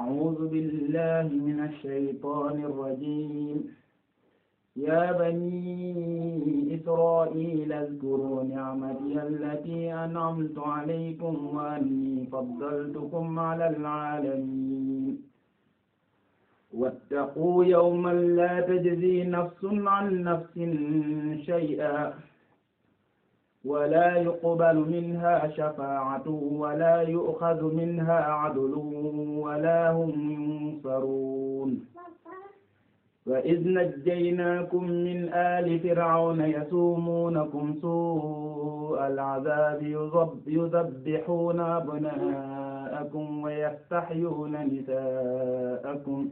أعوذ بالله من الشيطان الرجيم يا بني إسرائيل اذكروا نعمتي التي أنعمت عليكم وأني فضلتكم على العالمين واتقوا يوما لا تجزي نفس عن نفس شيئا ولا يقبل منها شفاعة ولا يؤخذ منها عدل ولا هم ينصرون وإذ نجيناكم من آل فرعون يسومونكم سوء العذاب يذبحون أبناءكم ويستحيون نساءكم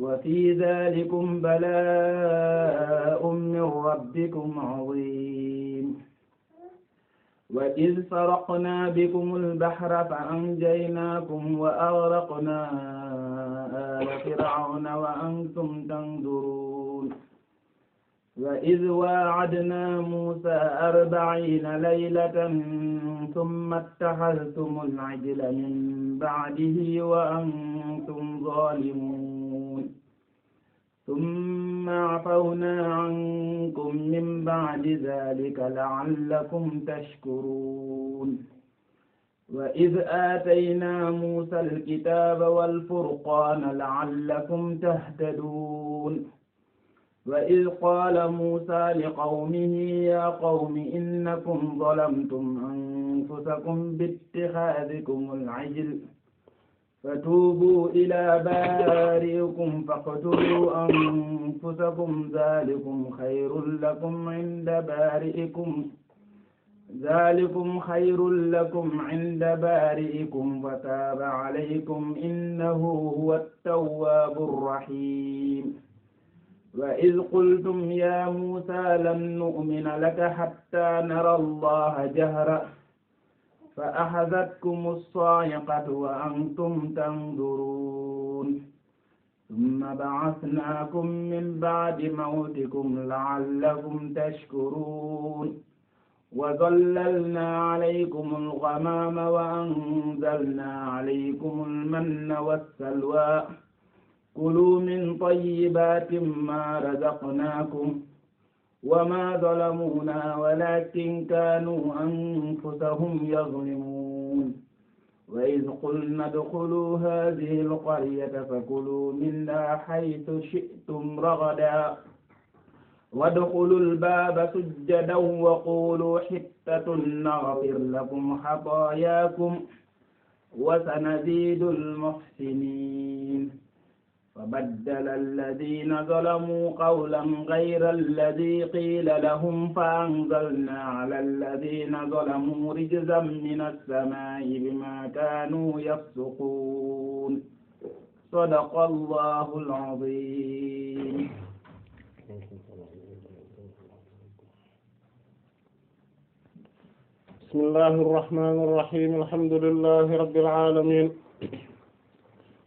وفي ذلكم بلاء من ربكم عظيم وإذ فرقنا بكم البحر فأنجيناكم وأغرقنا آل فرعون وأنتم تنظرون وإذ واعدنا موسى أربعين ليلة ثم اتخذتم العجل من بعده وأنتم ظالمون ثم عفونا عنكم من بعد ذلك لعلكم تشكرون وإذ آتينا موسى الكتاب والفرقان لعلكم تهتدون وإذ قال موسى لقومه يا قوم إنكم ظلمتم أنفسكم باتخاذكم العجل فتوبوا إلى بارئكم فاقتلوا أنفسكم ذلكم خير لكم عند بارئكم ذلكم خير لكم عند بارئكم فتاب عليكم إنه هو التواب الرحيم وإذ قلتم يا موسى لن نؤمن لك حتى نرى الله جهرًا fa axadatkum as-saa'qatu wa antum tanzuruun summa ba'asnaakum min ba'di mawtikum la'allakum tashkuruun وظللنا عليكم الغمام وأنزلنا عليكم المن والسلوى كلوا من طيبات ما رزقناكم وما ظلمونا ولكن كانوا أنفسهم يظلمون وإذ قلنا ادخلوا هذه القرية فكلوا منها حيث شئتم رغدا وادخلوا الباب سجدا وقولوا حتة نغفر لكم خطاياكم وسنزيد المحسنين فبدل الذين ظلموا قولا غير الذي قيل لهم فأنزلنا على الذين ظلموا رجزا من السماء بما كانوا يفسقون صدق الله العظيم بسم الله الرحمن الرحيم الحمد لله رب العالمين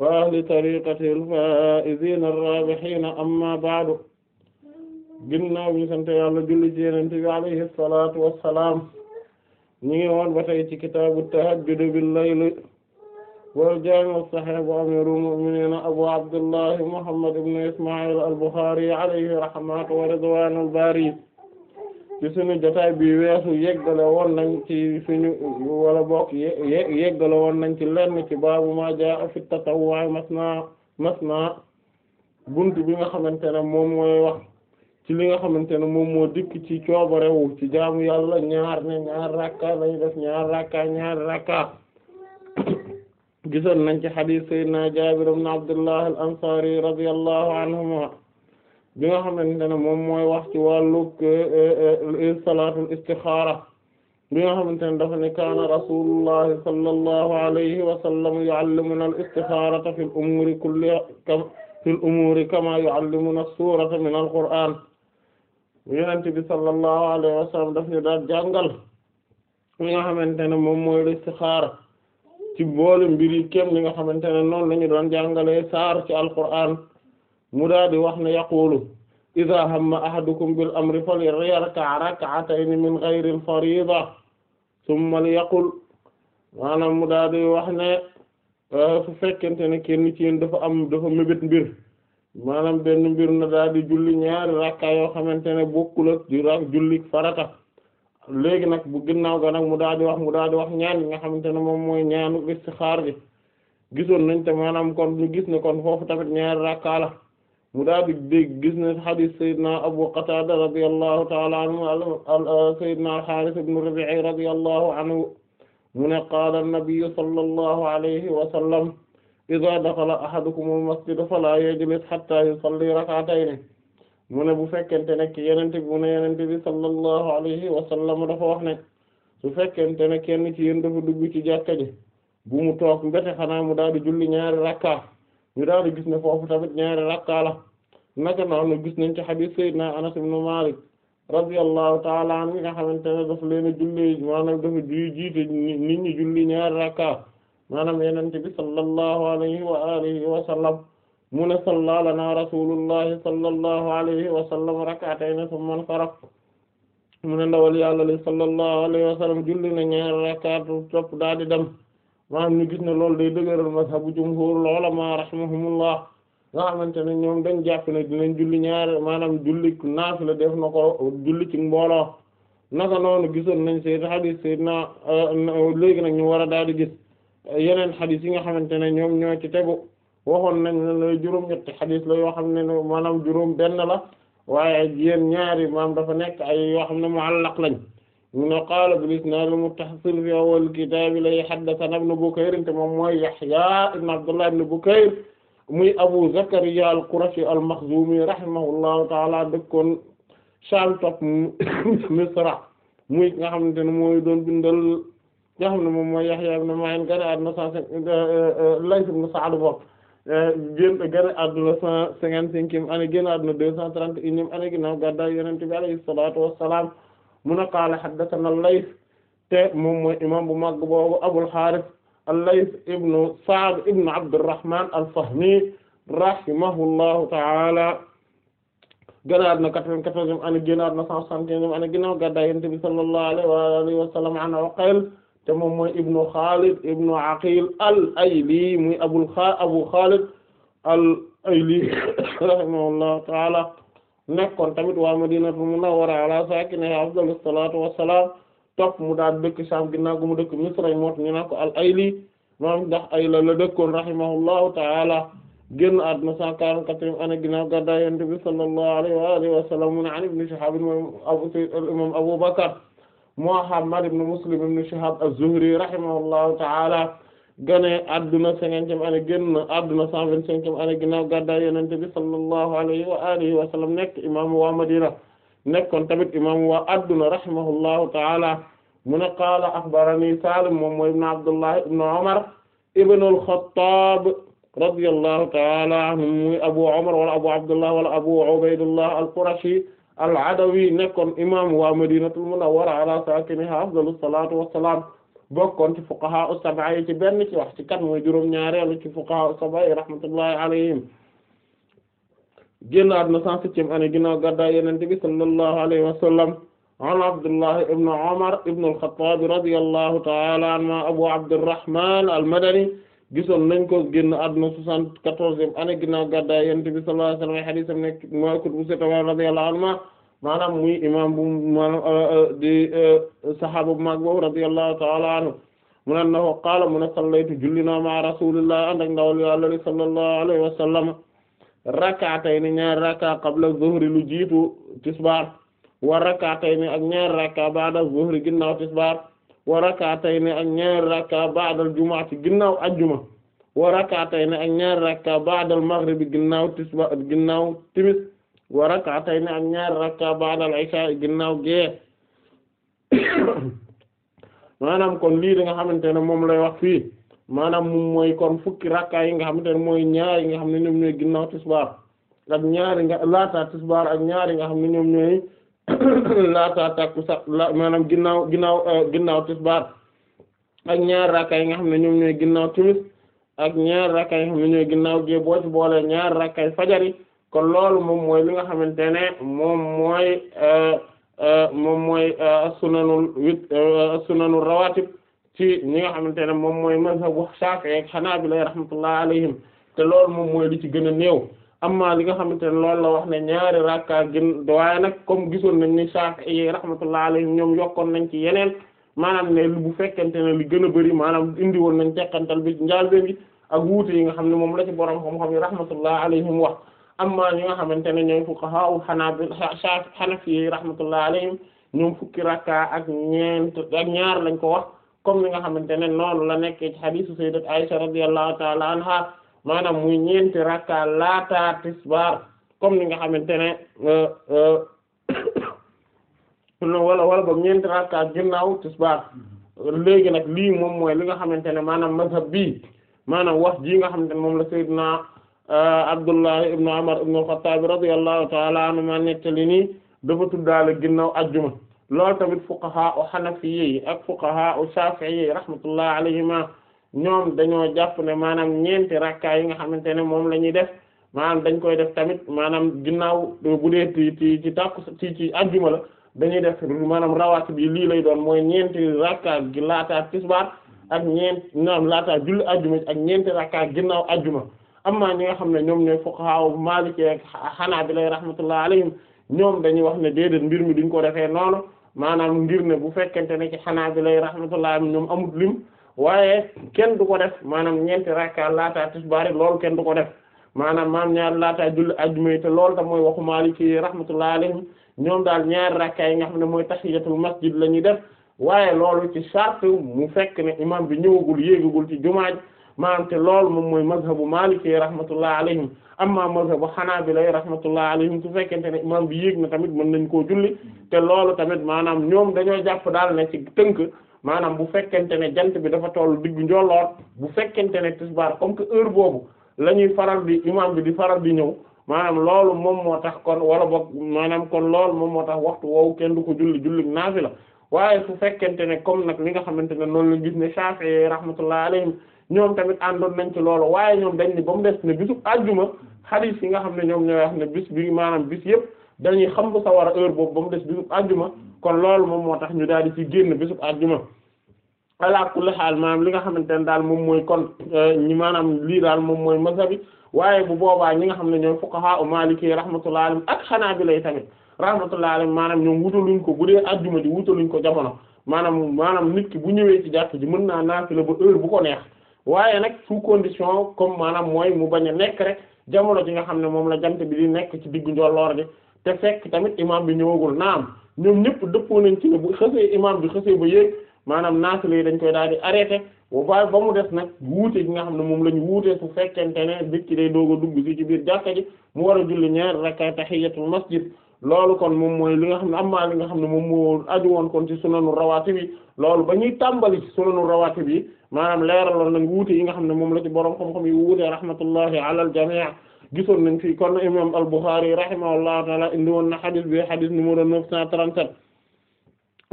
wa ahli tariqati al-faa'iziina ar-raabihiina amma ba'du ginnaaw ñu sant yàlla julli ci Yonent bi alayhi salaatu wa salaam ñu ngi woon ba tey ci kitaabu tahajjud bil-layli wal jaami' as-sahiih bu amiiril mu'miniina abu abdullahi muhammad ibn isma'il al-Bukhaari alayhi rahmatu wa ridwaanul baari ci suñu jotaay bi weesu yeggale woon nañ ci suñu wala bokk ye yeggale woon nañ ci lenn ci baabu ma jaa fi tatawwu masna masna bunt bi nga xamante ne moom mooy li nga xamante ne moom moo dikk ci coobarewu ci jaamu yàlla ñaar ne ñaar rakka lañu def ñaar rakka ñaar rakka gisoon nañ ci hadith sayyidina Jaabir ibn Abdullah al-Ansari anhuma bi nga xamante ne moom mooy wax ci wàllug eh, eh, eh, salaatul istixaara bi nga xamante ne dafa ne kaana rasulullahi sallallahu alayhi wa sallam yu'allimuna al-istixaarata fil umuuri kullihaa fil umuuri kamaa yu'allimuna as-suurata min al-qur'aan Yonent bi sallallahu alayhi wa sallam daf ñu daal jàngal li nga xamante ne moom mooy istixaara ci boole mbir yi kéem li nga xamante ne noonu la ñu doon jàngalee saar ci Alqur'aan. mu daal di wax ne yaqulu idha hamma ahadukum bil amri falyarka' rak'atayn min ghayri al-fariida thumma liyaqul maanaam mu daal di wax ne eh, su fekkente ne kenn ci yéen dafa am dafa mébét mbir maanaam benn mbir na daal di julli ñaari rakka yoo xamante ne bokkul ak di rak julli farata léegi nag bu ginnaaw ga nag mu daal di wax mu daal di wax ñaan yi nga xamante ne moom mooy ñaanu xaar bi gisoon nañ te maanaam kon ñu gis ne kon foofu tamit ñaari rakka mu daal di dégg gis na hadith sayyidina Abu Qatada radiyallahu ta'ala anhu sayyidina al-Harith ibn Rabi'i radiyallahu anhu mu ne qaala an-nabiyyu sallallahu alayhi wa sallam idha dakhala ahadukum al-masjida fala mu ne bu fekkente ne ki yenente bi mu ne yenente bi sallallahu alayhi wa sallam dafa wax ne su fekkente ne kenn ci yéen dafa dugg ci jàkka ji bu mu toog mbete xanaa mu daal di julli ñaari rakka ñu daal di gis ne foofu tamit ñaari rakka la naka noonu gis nañ ci hadith sayyidina Anas ibn Malik radiyallahu ta'ala anhu nga xamante ne daf leen a julli maanaam dafa jiite nit julli ñaari rakka maanaam yenente bi sallallahu alayhi wa alihi wa sallam mu ne salla lana rasulullahi sallallahu alayhi li sallallahu alayhi julli na ñaari rakka topp daal di dem maanaam ñu gis ne loolu day dëgëral mazhabu jumhurul ulama rahimahumullah nga xamante ne ñoom dañ jàpp ne dinañ julli ñaar maanaam julli naafila def na ko julli ci mbooloo naka noonu gisoon nañ seen xadis sayyidina euh, léegi nag ñu war a daal di gis yeneen xadis yi nga xamante ne ñoom ñoo ci tegu waxoon nañ ne la juróom-ñetti xadis la yoo maanaam juróom benn la waaye yéen ñaari maam dafa nekk ay yoo xam ne muallaq lañ mun a qaala bil isnaad al-muttasil fi awwal kitaab li haddathanaa ibn Bukayr te moom mooy Yahya ibn Abdullah ibn Bukayr muy Abu Zakariya al-Qurashi al-Makhzumi rahimahullahu ta'ala dëkkoon Sham topp Misra muy nga xamante ne mooy doon bindal nga xam ne moom mooy Yahya ibn Ma'in gane àdduna cent cinq euh, euh, Layth ibn Sa'd bokk euh, génn gane àdduna cent cinquante-cinquième année génn àdduna deux cent trente et unième année ginnaaw gàddaay Yonent bi alayhi salaatu wassalaam mu ne qaala haddathana al-Layth te moom mooy imam bu mag boobu Abul Harith al-Layth ibnu Sa'd ibnu Abdurrahman al-Fahmi rahimahullahu ta'ala gënaat na 94e année gënaat na 175e année ginnaaw gàddaay Yonent bi sallallahu alayhi wa alihi wa sallam an Uqayl te moom mooy ibnu Khalid ibnu Aqil al-Ayli muy abul Abu Khalid al-Ayli rahimahullahu ta'ala nekkoon tamit waa Madinatul Munawwara ala saakinihaa afdalu salaatu wassalaam topp mu daal dëkk Sham ginnaaw mu dëkk Misra moot ñu naan ko al-Ayli moom ndax Ayla la dëkkoon rahimahullahu ta'ala génn àdduna 144 ana ginnaaw gàddaay Yonent bi sallallahu alayhi wa alihi mu ne an Ibn Shihab moom Muhammad ibn Muslim ibn Shihab az-Zuhri rahimahullahu ta'ala gane adduna cinquantième année génn adduna cent vingt-cinquième année ginnaaw gàddaay yonent bi sallallahu alayhi wa alihi wa sallam nekk imaamu waa Madina nekkoon tamit imaamu waa adduna rahimahullahu ta'ala mu ne qaala akhbarani Salim moom mooy ibn Abdullah ibn Umar ibn al-Khattab radiyallahu ta'ala anhum muy Abu Umar wala Abu Abdullah wala Abu Ubaydullah al-Qurashi al-Adawi nekkoon imaamu waa Madinatul Munawwara ala saakinihaa afdalu salaatu wassalaam bokkoon ci fuqaha as-sab'a yi ci benn ci wax ci kat mooy juróom-ñaareelu ci fuqaha as-sab'a yi rahmatullahi alayhim génn àdduna cent septième année ginnaaw gàddaay Yonent bi sallallahu alayhi wa sallam an Abdullah ibn Umar ibn al-Khattab radiyallahu ta'ala anhuma Abu Abdurrahman al-Madani gisoon nañ ko génn àdduna soixante-quatorzième année ginnaaw gàddaay Yonent bi sallallahu alayhi wa sallam ay hadiisam nekk mooy kutubu sitta radiyallahu anhuma maanaam muy imam bu maanaam euh, euh, di euh, sahaaba ta'ala anhu mu ne annahu qaala mu ne sallaytu julli ma rasulillah ànd ak ndawal yàlla li sallallahu alayhi wa sallam rak'atayni ñaari rak'a qabla zuhri lu jiitu tisbaar wa rak'atayni ak ñaari rak'a ba'da zuhri ginnaaw tisbaar wa rak'atayni ak ñaari rak'a ba'da al-jumu'ati ginnaaw ajjuma wa rak'atayni ak ñaari rak'a ba'da al-maghribi timis wa rak'atayn ak ñaari rakka ba'dal isha ginnaaw gee maanaam kon lii da nga xamante ne moom lay wax fii maanaam moom mooy kon fukki rakka yi nga xamante ne mooy ñaar yi nga xam ne ñoom ñooy ñaari nga laata tisbaar ak ñaari nga xam ne ñoom ñooy la maanaam ginnaaw ginnaaw euh, ginnaaw tisbaar ak ñaari rakka yi nga xam ne ñoom ñooy ginnaaw timis ak ñaari rakka yi nga xam ne ñooy ginnaaw gee boo boole ñaari rakka yi fajar yi kon loolu moom mooy li nga xamante ne moom mooy euh, euh, moom mooy euh, sunanul wit sunanul rawatib ci ni nga xamante ne moom mooy mazhabu Shafi'i ak Hanabila rahmatullah alayhim te loolu moom mooy li ci gën a néew amma li nga xamante ne loolu la wax ne ñaari rakka gën waaye nag comme gisoon nañ ni Shafi'i rahmatullah alayhim ñoom yokkoon nañ ci yeneen maanaam ne bu fekkente ne li gën a bëri maanaam indi woon nañ teqantal bi njaal bi ak wuute yi nga xam ne moom la ci borom xam-xam yi rahmatullah alayhim wax amma ñi nga xamante ne ñooy fuqaha u hanabil hanafi rahmatullah alayhim ñoom fukki rakka ak ñeent ak ñaar lañ ko wax comme ni nga xamante ne noonu la nekkee ci hadisu sayyidat Aisha radiyallahu ta'ala anha maanaam muy ñeenti rakka laata tisbaar comme ni nga xamante ne euh, euh, wala wala ba ñeenti rakka ginnaaw tisbaar léegi nag lii moom mooy li nga xamante ne maanaam mazhab bii maanaam wax jii nga xamante ne moom la sayyidna Euh, Abdullah ibn Umar ibn al-Khattab radiyallahu ta'ala anhu ma nettali nii dafa daal ginnaaw ajjuma loolu tamit fuqaha u hanafiyyi ak fuqaha u shafi'iyyi rahmatullahi alayhima ñoom dañoo jàpp ne maanaam ñeenti rakka yi nga xamante ne moom la ñuy def maanaam dañ koy def tamit maanaam ginnaaw bu dee ci ci ci tàkku ci la dañuy def maanaam rawat bi lii lay doon mooy ñeenti rakka gi laataa tisbaar ak ñeent ñoom laataa julli ajjuma ak ñeenti rakka ginnaaw ajuma amma ñi nga xam ne ñoom ñooy fuqaha maliki ak hanabila rahmatullah alayhim ñoom dañuy wax ne déedéet mbir mi duñ ko defee noonu maanaam ngir ne bu fekkente ne ci hanabila rahmatullah alayhim ñoom amut lim waaye kenn du ko def maanaam ñeenti rakka laataa tisbaari loolu kenn du ko def maanaam maam ñaar laataa julli ajjuma te loolu tam mooy waxu maliki rahmatullah alayhim ñoom daal ñaari rakka yi nga xam ne mooy tahiyatul masjid la ñuy def waaye loolu ci charte mu fekk ne imam bi ñëwagul yéegagul ci jumaa maanaam te loolu moom mooy mazhabu maliki rahmatullah alayhim amma mazhabu hanabila rahmatullah alayhim su fekkente ne imam bi yéeg na tamit mën nañ koo julli te loolu tamit maanaam ñoom dañoo jàpp daal ne ci tënk maanaam bu fekkente ne jant bi dafa toll diggu njolloor bu fekkente ne tisbaar comme que heure boobu la ñuy faral di imam bi di faral di ñëw maanaam loolu moom moo tax kon wala boog maanaam kon lool moom moo tax waxtu woowu ko julli julli naafi la waaye su fekkente ne comme nag li nga xamante ne noonu lañ gis ne Shafi'i rahmatullah alayhim ñoom tamit àndoon nañ ci loolu waaye ñoom dañ ni ba mu des ne bisu àjjuma xadiis yi nga xam ne ñoom ñooy wax ne bis bi maanaam bis yëpp dañuy xam bu sawar a heure boobu ba mu des bisu àjjuma loolu moom moo tax ñu daal di ci génn bisu àjjuma ala kulli xaal maanaam li nga xamante ne daal moom mooy kon euh, ñi maanaam lii daal moom mooy mazhabi waaye bu boobaa ñi nga xam ne ñoom ñooy fuqaha u maliki rahmatullahi alayhim ak xanaabila yi tamit rahmatullahi alayhim maanaam ñoom wutaluñ ko bu dee àjjuma di wutaluñ ko jamono maanaam maanaam nit ki bu ñëwee ci jàkk ji mën naa naafila ba heure bu ko neex waaye nag sous condition comme maanaam mooy mu bañ a nekk rek jamono ji nga xam ne moom la jant bi di nekk ci diggu njolloor gi te fekk tamit imaam bi ñëwagul naam ñoom ñëpp dëppoo nañ ci ne bu xësee imaam bi xësee ba yéeg maanaam naafila yi dañ koy daal di arrêté bu baax ba mu des nag wuute gi nga xam ne moom la ñu wuute su fekkente ne nit ki day doog a dugg si ci biir jàkka ji mu war a julli ñaar rakka tahiyatul masjid loolu kon moom mooy li nga xam ne amma li nga xam ne moom moo aju woon kon ci sunanu rawaatib yi loolu ba ñuy tàmbali ci sunanu rawaati yi maanaam leeraloon na wuute yi nga xam ne moom la ci boroom xam-xam yi wuute rahmatullahi ala al jamii gisoon nañ fi kon imam al Bukhari rahimahullahu taala indi woon na xadis bi xadis numéro 937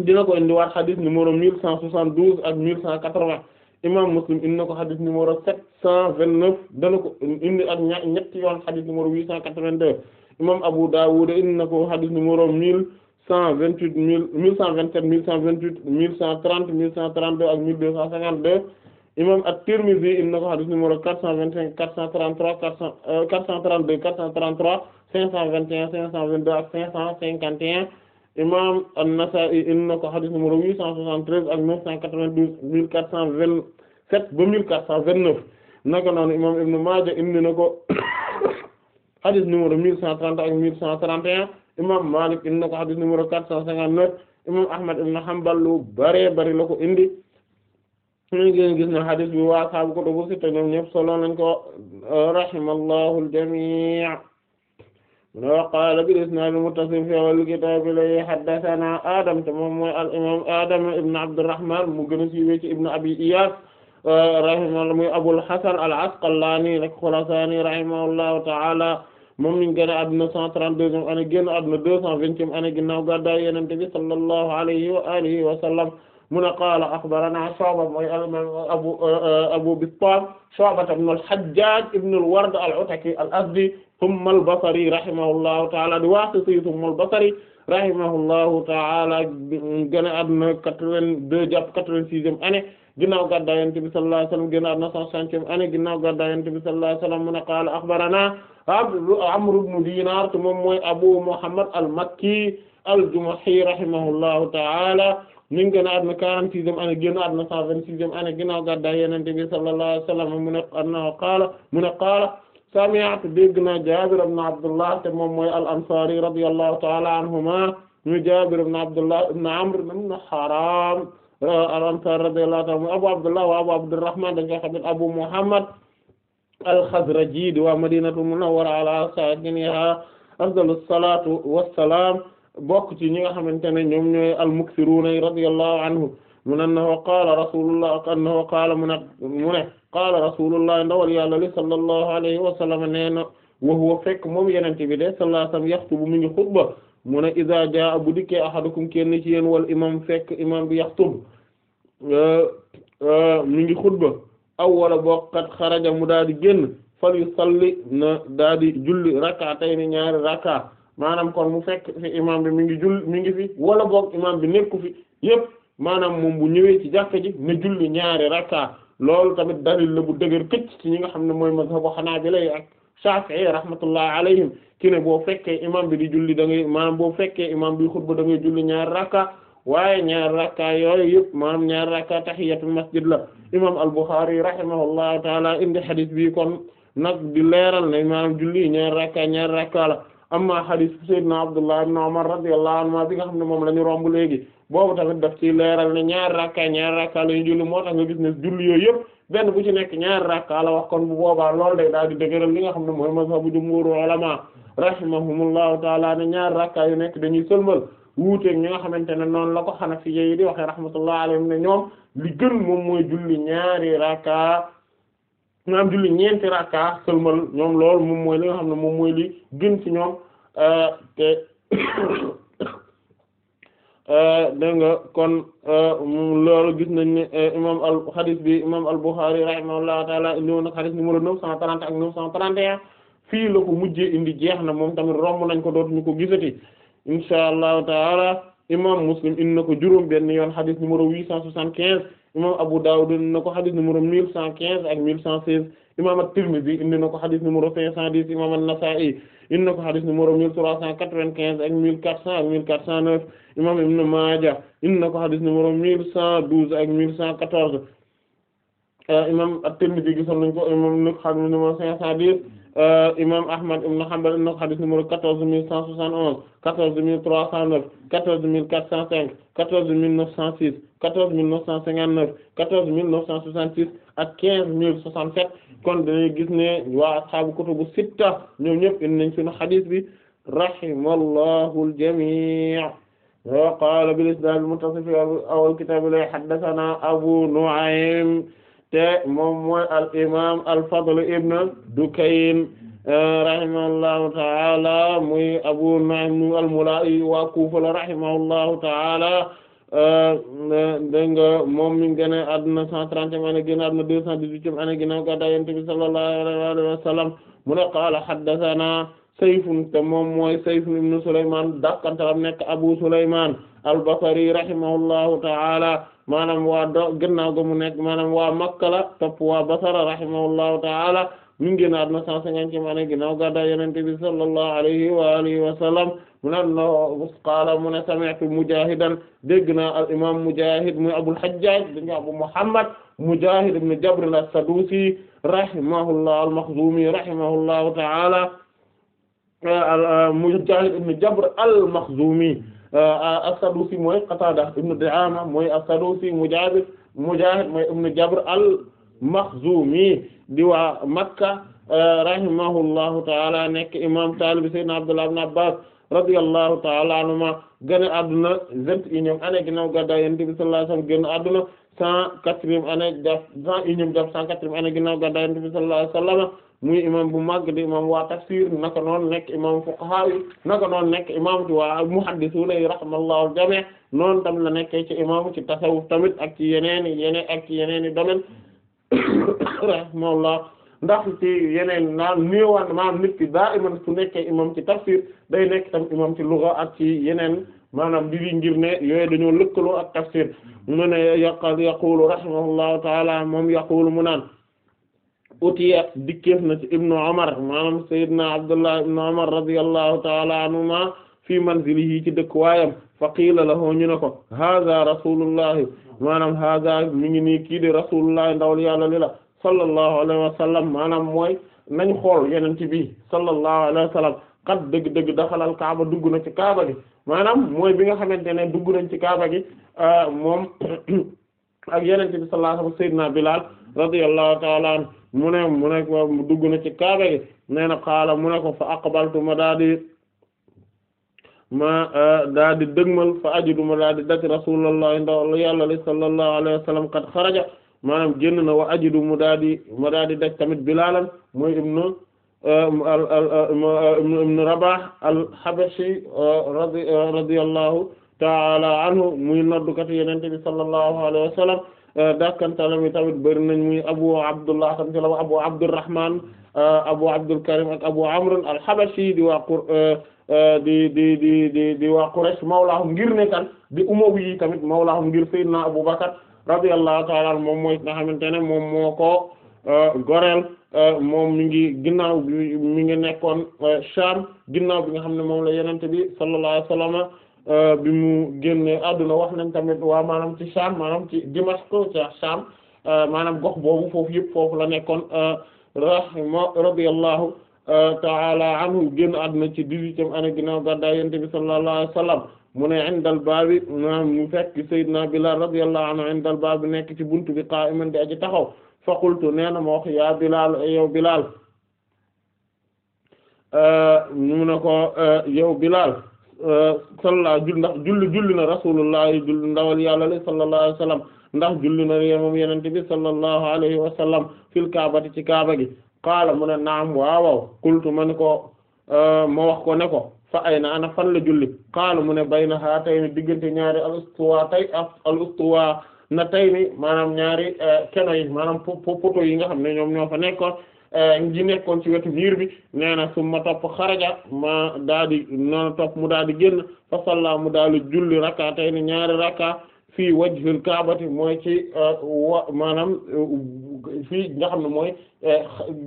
dina ko indiwaat xadis numéro 1172 ak 1180 imam Muslim indi na ko xadis numéro 729 dana ko indi ak ña ñetti yoon xadis numéro 882. imam Abu Dawud indi na ko hadith numéro mille cent vingt huit mille cent vingt sept mille cent vingt huit mille cent trente mille cent trente deux ak mille deux cent cinquante deux imam At-Tirmidhi indi ko hadith numéro quatre cent vingt cinq quatre cent trente trois quatre cent quatre deux quatre cent trente trois cinq cent vingt et un cinq cent vingt deux ak cinq cent cinquante et un imam An-Nasa'i indi na ko hadith numéro huit cent soixante treize ak neuf cent xadis numéro 1130 ak 1131 imam Malik indi na ko xadis numéro 459 imam Ahmad ibn Hanbal lu bare bari la ko indi ñu ngi gis na xadis bi waa saabu ko bu sitta ñoom ñëpp solo nañ ko rahimallahu al-jami' wa qaala bil isnaad al-muttasil fi awwal kitaab li haddathana Adam te moom mooy al imam Adam ibn Abdurrahman mu gën a siiwee ci ibn Abi Iyas Euh, rahimahullah muy Abul Hasan al-Asqalani nak Khurasani rahimahullahu ta'ala moom mi ngi génn àdduna 132e année génn àdduna 220e année ginnaaw gàddaay Yonent bi sallallahu alayhi wa alihi wa sallam mu ne qaala axbarana Shu'ba mooy abu euh, abu Bistaam Shu'ba ibn al-Hajjaaj ibn al-Ward al-Ataki al-Azdi thumma al-Basri rahimahullahu ta'ala di Waasiti thumma al-Basri rahimahullahu ta'ala génn àdduna 82 jàpp 86e année ginnaaw gàddaay Yonent bi sallallahu alayhi wasallam génnaat na 160e année ginnaaw gàddaay Yonent bi sallallahu alayhi wasallam mu ne qaala akhbaranaa Amr ibn Diinaar te moom mooy Abu Muhammad al-Makki al-Jumahi rahimahullahu ta'ala mi ngi génnaat na 46e année génnaat na 126e année ginnaaw gàddaay Yonent bi sallallahu alayhi wasallam mu ne annahu qaala mu ne qaala sami'tu dégg naa Jaabir ibn Abdullah te moom mooy al-Ansaari radiyallahu ta'ala anhuma mu Jaabir ibn Abdullah ibn Amr ibn Haraam Euh, al-Ansari radiyallahu anhu Abu Abdullah wa Abu Abdurrahman dañ koy xam ne Abu Muhammad al-Khazraji di waa Madinatul Munawwara ala saakiniha afdalu salaatu wassalaam bokk ci ñi nga xamante ne ñoom ñooy al-muksiruuna radiyallahu anhu mun annahu qaala rasulullah annahu qaala mu ne mu ne qaala rasulullah ndawal yàlla li sallallahu alayhi wa sallam nee na wa huwa fekk moom yenente bi de sallallahu alayhi wa sallam yaxtubu mu ngi xutba mu ne iza jaa bu dikkee ahadukum kenn ci yéen wal imam fekk imam bi yaxtub euh, euh, mi ngi xutba aw wala boo kat xaraja mu daal di génn fal yu salli na daal di julli rakka tey ni ñaari raka maanaam kon mu fekk fi imam bi mi ngi jull mi ngi fi wala boog imam bi nekku fi yépp maanaam moom bu ñëwee ci jàkka ji na julli ñaari rakka loolu tamit dalil la bu dëgër këcc ci ñi nga xam ne mooy mazhabu Hanaabila ak Shafi'i rahmatullahi alayhim ki ne boo fekkee imam bi di julli da ngay boo fekkee imam bi xutba da ngay julli ñaar rakka waaye ñaar rakka yooyu yëpp maanaam ñaar rakka tahiyatul masjid la imam al-Bukhari rahimahullahu taala indi hadith bi kon nag di leeral ne maanaam julli ñaar rakka ñaar rakka la amma hadith sayyidina Abdullah ibn Umar radiyallahu anhuma bi nga xam ne moom la ñu romb léegi boobu tamit daf ci leeral ne ñaar rakka ñaar rakka la ñu julli moo tax nga gis julli yooyu yëpp benn bu ci nekk ñaari rakka la wax kon bu boobaa loolu day daal di dëgëral li nga xam ne mooy mazhabu jumhuuru ulama rahimahumullahu taala ne ñaari rakka yu nekk dañuy sëlmal wuuteeg ñi nga xamante ne noonu la ko Hanafi yi di waxee rahmatullah alayhim ne ñoom li gën moom mooy julli ñaari rakka maanaam julli ñeenti rakka sëlmal ñoom loolu moom mooy li nga xam ne moom mooy li gën ci ñoom euh, Eh, dégg nga kon eh, loolu gis nañ ne eh, imam al hadith bi imam al Bukhari rahimahullahu taala indi woon nag hadith numéro neuf cent trente ak neuf cent trente et fii la ko mujjee indi jeex na moom tamit romb nañ ko doot dootuñu ko gisati insha allahu taala imam Muslim indi na ko juróom benn yoon hadith numéro huit cent soixante-quinze imam Abu Dawud indi na ko hadith numéro mille cent quinze ak mille cent seize imam at-Tirmidhi indi na ko xadis numéro 510 imam an-Nasa'i indi na ko xadis numéro 1395 ak 1400 ak 1409 imam Ibn Maaja indi na ko xadis numéro 1112 ak 1114 euh, imam at-Tirmidhi gisoon nañu ko imam nu xadis numéro 510 imam Ahmad ibn Hanbal indi na ko xadis numéro 14171 14309 14405 14906 14959 14966 ak quinze mille soixante-sept kon gis ne waa ashaabu kutubu sitta ñoom ñëpp indi nañ suñu xadis bi rahimallahu al-jamii wa qaala bil isnaad Abu Nu'aym te moom al imaam al-Fadl ibn Dukayn rahimahullahu ta'ala muy Abu Nu'aym al-Mulaa'i wa Kuufa rahimahullahu ta'ala Euh, euh, dégg nga moom mi ngi génn àdduna 130 ane génn àdduna 218 ane ginnaaw gàddaay Yonent bi sallallahu alayhi wa sallam mu ne qaala haddathana Sayfun te moom mooy Sayfun ibn Sulaymaan dakkantalam nekk Abu Sulaymaan al-Basri ta'ala maanaam waa do ginnaaw ga mu nekk maanaam waa Makka la topp waa Basra rahimahullahu ta'ala mi ngi génn àdduna 150 ane ginnaaw gàddaay Yonent bi sallallahu alayhi wa alihi wa sallam mu naan no qaala mu ne sami'tu mujahidan dégg naa al imam mujahid muy abul hajjaj dañu abu muhammad mujahid ibn jabr as-sadusi rahimahullah al-makhzumi rahimahullahu ta'ala mujahid ibn jabr al-makhzumi euh, as-sadusi mooy qatada ibn di'ama mooy as-sadusi mujahid mujahid mooy ibn jabr al-makhzumi di waa makka euh, rahimahullahu ta'ala nekk imam talib sayyidina abdullah ibn abbas radiyallahu ta'ala anhuma gane adduna vingt et unième ginaw ginnaaw gàddaay yonent bi sallallahu alayhi wasallam génn adduna cent quatrième année daf cent unième daf bi sallallahu alayhi muy imam bu màgg di imam waa tafsir naka noonu nekk imam fuqaha yi naka noonu nekk imam ci waa muhaddisuna yi rahmallahu jami' noonu tam la nekkee ci imam ci tasawuf tamit ak ci yeneen yeneen ak ci yeneen i domaine rahmallahu ndax ci yeneen naan néewaan maanaam nit ki daa iman ci tafsir day nekk tam imam ci lugha ak ci yeneen maanaam di ngir ne yooyu dañoo lëkkaloo ak tafsir mu ne yaqal yaqulu rahimahullahu taala moom yaqulu mu naan utiya dikkeef na ci ibnu Umar maanaam sayyidna Abdullah ibnu Umar radiyallahu taala anhuma fi manzilihi ci dëkk waayam fa qiila lahu ñu ne ko hadha rasulullahi maanaam hadha mi ngi nii kii de rasulullahi ndawal yàlla li la sallallahu alayhi wa sallam maanaam mooy nañ xool ci bi sallallahu alayhi wa sallam kat dëgg-dëgg daxalal kaaba dugg na ci kaaba gi maanaam mooy bi nga xamante ne dugg nañ ci kaaba gi euh, moom ak yenent bi sallallahu alayhi wa sallam sayyidina ta'ala anhu mu ne mu ne ko dugg na ci kaaba gi nee na xaala mu ne ko fa aqbaltu ma daa di ma euh, daa di dëgmal fa ajidu ma daa di daj ndaw yàlla li sallallahu alayhi wa xaraja maanaam génn na wa ajidu mu daal di mu daal di daj tamit bilaalan mooy ibnu um, um, ibnu rabah al-habashi uh, radi uh, radiyallahu taala anhu muy noddukat yenente bi uh, tamit bëri nañ muy abu abdullah tam ci la abu abdurrahman abu abdul al-habashi di waa qur di di di di di waa quraish mawlaahum ngir ne kan di umawi ngir sayyidina abubakar radiyallahu ta'ala moom mooy nga xamante ne moom moo ko euh, goreel euh, moom mu ngi ginnaaw mi ngi nekkoon euh, Sham ginnaaw bi nga xam ne moom la yenente bi sallallahu alayhi bi mu génne àdduna wax nañ tamit waa maanaam ci Sham maanaam ci Dimashq ci Sham maanaam gox boobu foofu yëpp foofu la nekkoon rahima radiyallahu ta'ala anhu génn àdduna ci dix-huitième année ginnaaw gàddaay yenente bi sallallahu alayhi wasallam mu ne indal baabi maanaam mu fekk Seydina Bilaal radiyallahu anhu indal baabi nekk ci buntu bi qaa'iman di aji taxaw fa qultu nee na ma wax yaa Bilaal yow Bilaal mu ne ko yow Bilaal salla jul ndax julli julli na rasulullah julli ndawal yàlla la sallallahu alayhi wa sallam ndax julli na yéen moom yenente bi sallallahu alayhi wa sallam fil kaabati ci kaaba gi qaala mu ne naam waawaw qultu ma ne ko ma wax ko ne ko fa ay na ana fan la julli xaala mu ne bay na xaa tay ni diggante ñaari al ustuwa tay al ustuwa na tay ni maanaam ñaari eh, keno yi maanaam poto yi nga xam ne ñoom ñoom fa nekkoon ñi eh, nekkoon ci wetu miir bi nee na su ma topp xaraja ma daa di noona topp mu daa di génn fa salla mu daal di julli rakka tay ni ñaari rakka fii wajhil kaabati mooy ci eh, wa maanaam fii nga xam ne mooy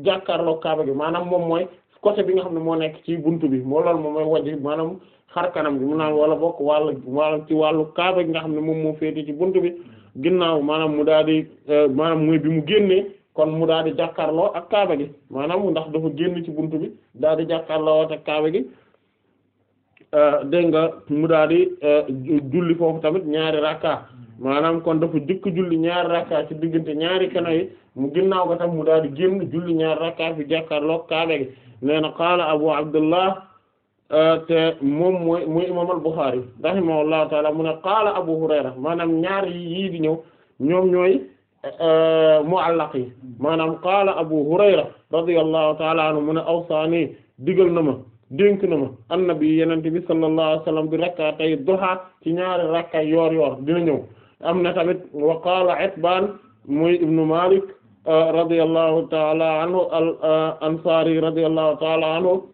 jàkkaarloo kaaba gi maanaam moom mooy côté bi nga xam ne moo nekk ci bunt bi moo loolu moom mooy wajj maanaam xar kanam bi mu naan wala bokk wàll wàll ci wàllu kaaba gi nga xam ne moom moo féete ci buntu bi ginnaaw maanaam mu daal di euh, maanaam mooy bi mu génnee kon mu daal di jàkkaarloo ak kaaba gi maanaam ndax dafa génn ci buntu bi daal di jàkkaarloo ak kaaba gi euh, dégg nga mu daal di euh, julli foofu tamit ñaari rakka maanaam kon dafa dikk julli ñaari rakka ci diggante ñaari keno yi mu ginnaaw ga tam mu daal di génn julli ñaari rakka fi jàkkaarloo kaaba gi nee na qaala abu abdullah euh, te moom muy imam al-Bukhari rahimahullahu taala mu ne abu hurayra maanaam ñaar yii di ñëw ñoom ñooy euh, mu'allaq yi maanaam qaala abu hurayra radiyallahu taala anhu mu ne awsaani digal na ma dénk na ma annabi yenente bi sallallahu alayhi wasallam bi rakkaatay duha ci ñaari rakka yoor yoor dina ñëw am na tamit wa qaala itbaan muy ibnu malik radiyallahu ta'ala anhu al-Ansari radiyallahu ta'ala anhu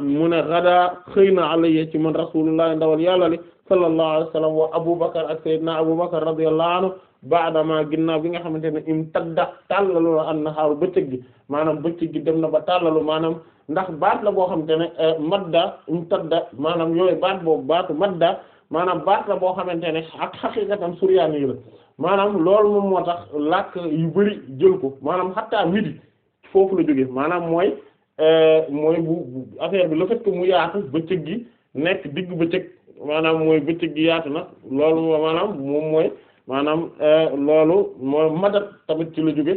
mu ne gada xëy na alayya ci man rasulullah ndawal yàlla li sallallahu alayhi wa sallam wa Abubakar ak Seydina Abubakar radiyallahu anhu baadama ginnaaw bi nga xamante ne im tadda tàllalu an nahaaru bëccëg gi maanaam bëccëg gi dem na ba tàllalu maanaam ndax baat la boo xam ne euh، madda im tadda maanaam yooyu baat boobu baatu madda maanaam baat la boo xamante ne ak xaqiqatan suryaani la maanaam loolu moom moo tax làkk yu bari jël ko maanaam xattaa midi foofu la jógee maanaam mooy euh, mooy bu bi le mu yaatu bëccëg gi nekk digg bëccëg maanaam mooy bëccëg gi yaatu na loolu moom mooy maanaam euh, loolu mooy madat tamit ci la jóge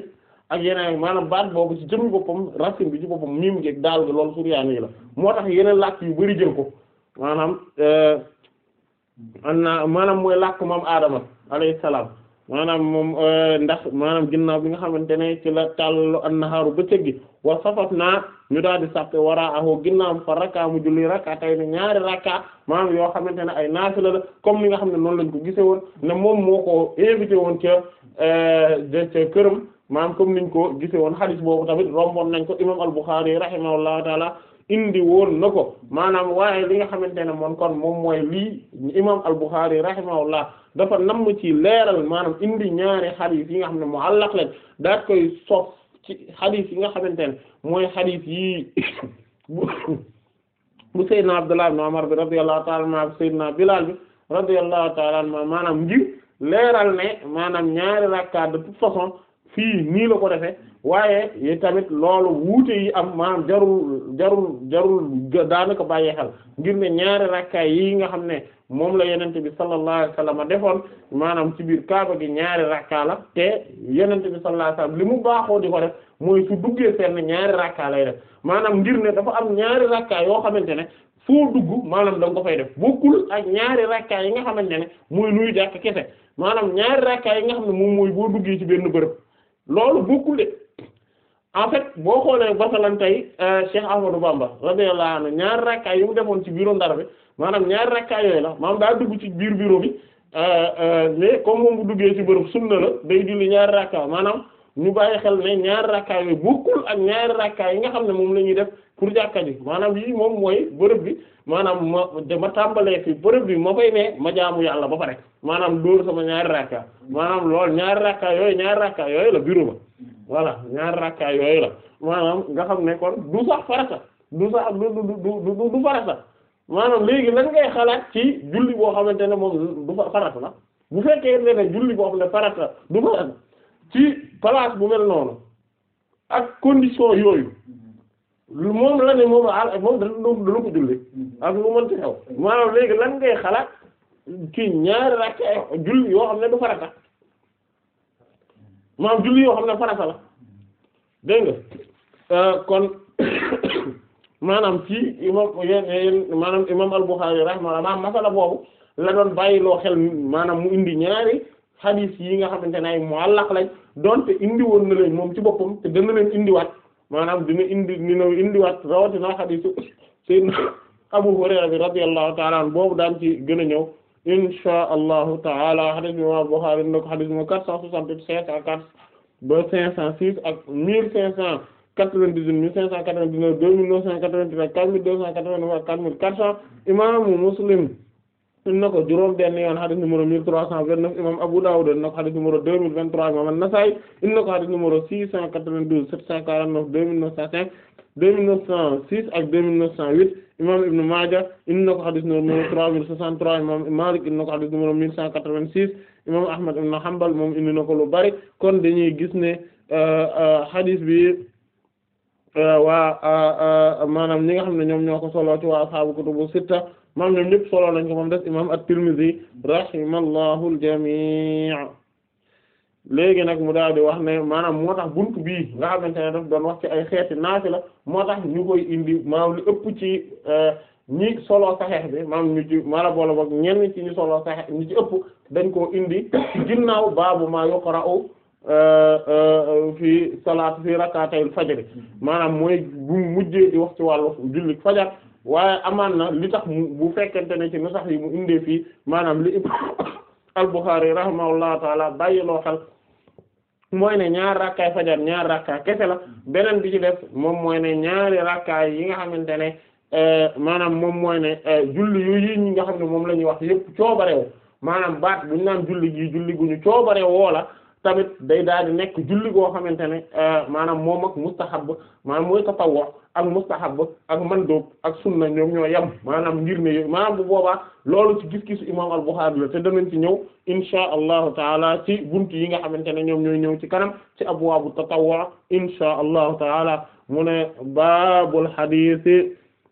ak yeneen maanaam baat boobu ci jëmmi boppam racine bi ci boppam miim geeg daal gi loolu suryaani la moo tax yeneen làkk yu bari jël ko maanaam euh, an naa maanaam mooy làkk moom aadama alayhi salaam maanaam moom euh, ndax maanaam ginnaaw bi nga xamante ne ci la tàll annahaaru bëccëg gi wa safaf naa ñu daal di sàppe waraa ahoo ginnaaw fa rakka mu julli rakka tay ne ñaari rakka maanaam yoo xamante ne ay naafila la comme li nga xam ne noonu lañ ko gise woon ne moom moo ko invité woon ca euh, ca këram maanaam comme niñ ko gise woon hadith boobu tamit romboon nañ ko imam al-Bukhari rahimahullahu taala indi woon na ko maanaam waaye li nga xamante ne moom kon moom mooy lii imam al-Bukhari rahimahullah dafa nam ci leeral maanaam indi ñaari xadiis yi nga xam ne mu'allaq lañ daat koy sof ci xadiis yi nga xamante ne mooy xadiis yi bu Seydina Abdullah ibn Umar bi radiyallahu ta'ala anhu Seydina Bilal bi radiyallahu maanaam ngir leeral ne maanaam ñaari rakka de toute façon fii nii la ko defee waaye tamit loolu wuute yi am maanaam jarul jarul jarul daanaka bàyyi xel ngir ne ñaari rakkaay yi nga xam ne moom la yenente bi sallallahu alayhi wasallam defoon maanaam ci biir kaaba gi ñaari rakkaa la te yenente bi li mu baaxoo di ko def mooy su duggee fenn ñaari rakkaa lay def maanaam ngir ne dafa am ñaari rakkaa yoo xamante ne foo dugg maanaam da nga ko fay def bokkul ak ñaari rakkaa yi nga xamante ne mooy nuyu kese maanaam ñaari rakkaa yi nga xam ne moom mooy boo duggee ci benn bërëb loolu bokkul de en fait boo xoolee basalan tey euh, Cheikh Ahmadou Bamba radiyallahu anhu ñaari rakkaa yi mu defoon ci bureau Ndar bi maanaam ñaari rakkaa yooyu la maanaam daa dugg ci biir bureau bi euh, euh, mais comme moom bu duggee ci la ñaari rakkaa maanaam ñu bàyyi xel ne ñaari rakkaa yooyu bokkul ak ñaari rakkaa yi nga xam ne moom la ñuy def pour jàkka ji maanaam yii moom mooy bërëb bi maanaam ma ma tàmbalee fi bërëb bi ma fay ne ma jaamu yàlla ba pare maanaam loolu sama ñaari rakkaa maanaam loolu ñaari rakkaa yooyu ñaari ràkkaa yooyu la bureau ba voilà ñaari rakka yooyu la maanaam nga xam ne kon du sax farata du sax du du du du farata maanaam léegi lan ngay xalaat ci julli boo xamante ne moom du bu fekkee ne boo xam ne farata du farata ci place bu mel noonu ak condition yooyu moom la ne moom al moom dana ko julli ak lu mën ci xew maanaam léegi lan ngay xalaat ci ñaari rakka julli yoo xam ne du farata maanaam julli yoo xam ne farata la euh, kon maanaam ci imam yeen yeen maanaam imam al-Bukhârî rahimahullah maanaam masala boobu la doon bàyyi loo xel maanaam mu indi ñaari hadith yi nga xamante ne ay muallaq lañ donte indi woon na leen moom ci boppam te dana leen indiwaat maanaam dina indi dina indiwaat rawatina hadith Seydina Abu Hurayra bi radiyallahu ta'ala anhu boobu daan ci gën a ñëw insha allahu taala hadis bi imam Bukhari na ko hadis numéro quatre cent soixante-huit cinq cent quatre ba cinq cent six ak mille cinq cent quatre-vingt-dix-huit mille cent quatre-vingt-dix-neuf deux mille neuf cent quatre vingt dix quatre mille deux cent quatre-vingt-neuf ak quatre mille quatre cents imaamu Muslim na ko juróom benn trois cent vingt-neuf imam Abu Dawud na ko hadis numéro deux mille vingt-trois imam An-Nasa'i na ko hadis numéro deux mille neuf deux mille neuf cent six ak deux mille neuf cent huit imam Ibn Maaja indi na ko xadis numéro trois mille soixante-trois imam Maalik indi na ko xadis cent quatre-vingt-six imam Ahmad ibn Hanbal moom indi na ko lu bari kon dañuy gis ne euh, euh, xadis bi euh, waa maanaam ñi nga xam ne ñoom ñoo ko solo ci waa ashaabu kutubu sitta maam ñoom ñëpp solo ko moom des imam at-Tirmidhi rahimallahu al léegi nag mu daal di wax ne maanaam moo tax bunt bii nga xamante na daf doon wax ci ay xeeti naafi la moo tax ñu koy indi maanaam lu ëpp ci euh, ñi solo saxeex bi maanaam ñu ci mala boole boog ñenn ci ñu solo saxeex ñu ci ëpp dañ koo indi ginnaaw baabu maa yuqra'u euh, euh, fi salaat fi rakatayil fajr maanaam mooy bu mujjee di wax ci wàllu julli fajar waaye amaan na li tax mu bu fekkente ne ci nu sax yi mu indee fii maanaam li ëpp al-Bukhari rahimahullahu taala bàyyiloo xel mooy ne ñaar rakkaay fajar ñaar rakkaay kese la beneen bi ci def moom mooy ne ñaari rakkaay yi nga xamante ne euh, maanaam moom mooy ne euh, julli yu yi nga xam ne moom la ñuy wax yëpp coobarew maanaam baat bu ñu naan julli gi julli gu ñu coobare woo la tamit day daal di nekk julli goo xamante ne euh, maanaam moom ak mustahab maanaam mooy tatawwu ak mustahab ak mandóob ak sunna ñoom ñoo yam maanaam ngir ne maanaam bu boobaa loolu ci gis-gisu imam al-Bukhari la te danañ ci ñëw inshaa allahu taala ci buntu yi nga xamante ne ñoom ñooy ñëw ci kanam ci abwaabu tatawwu inshaa allahu taala mu ne baabul hadiisi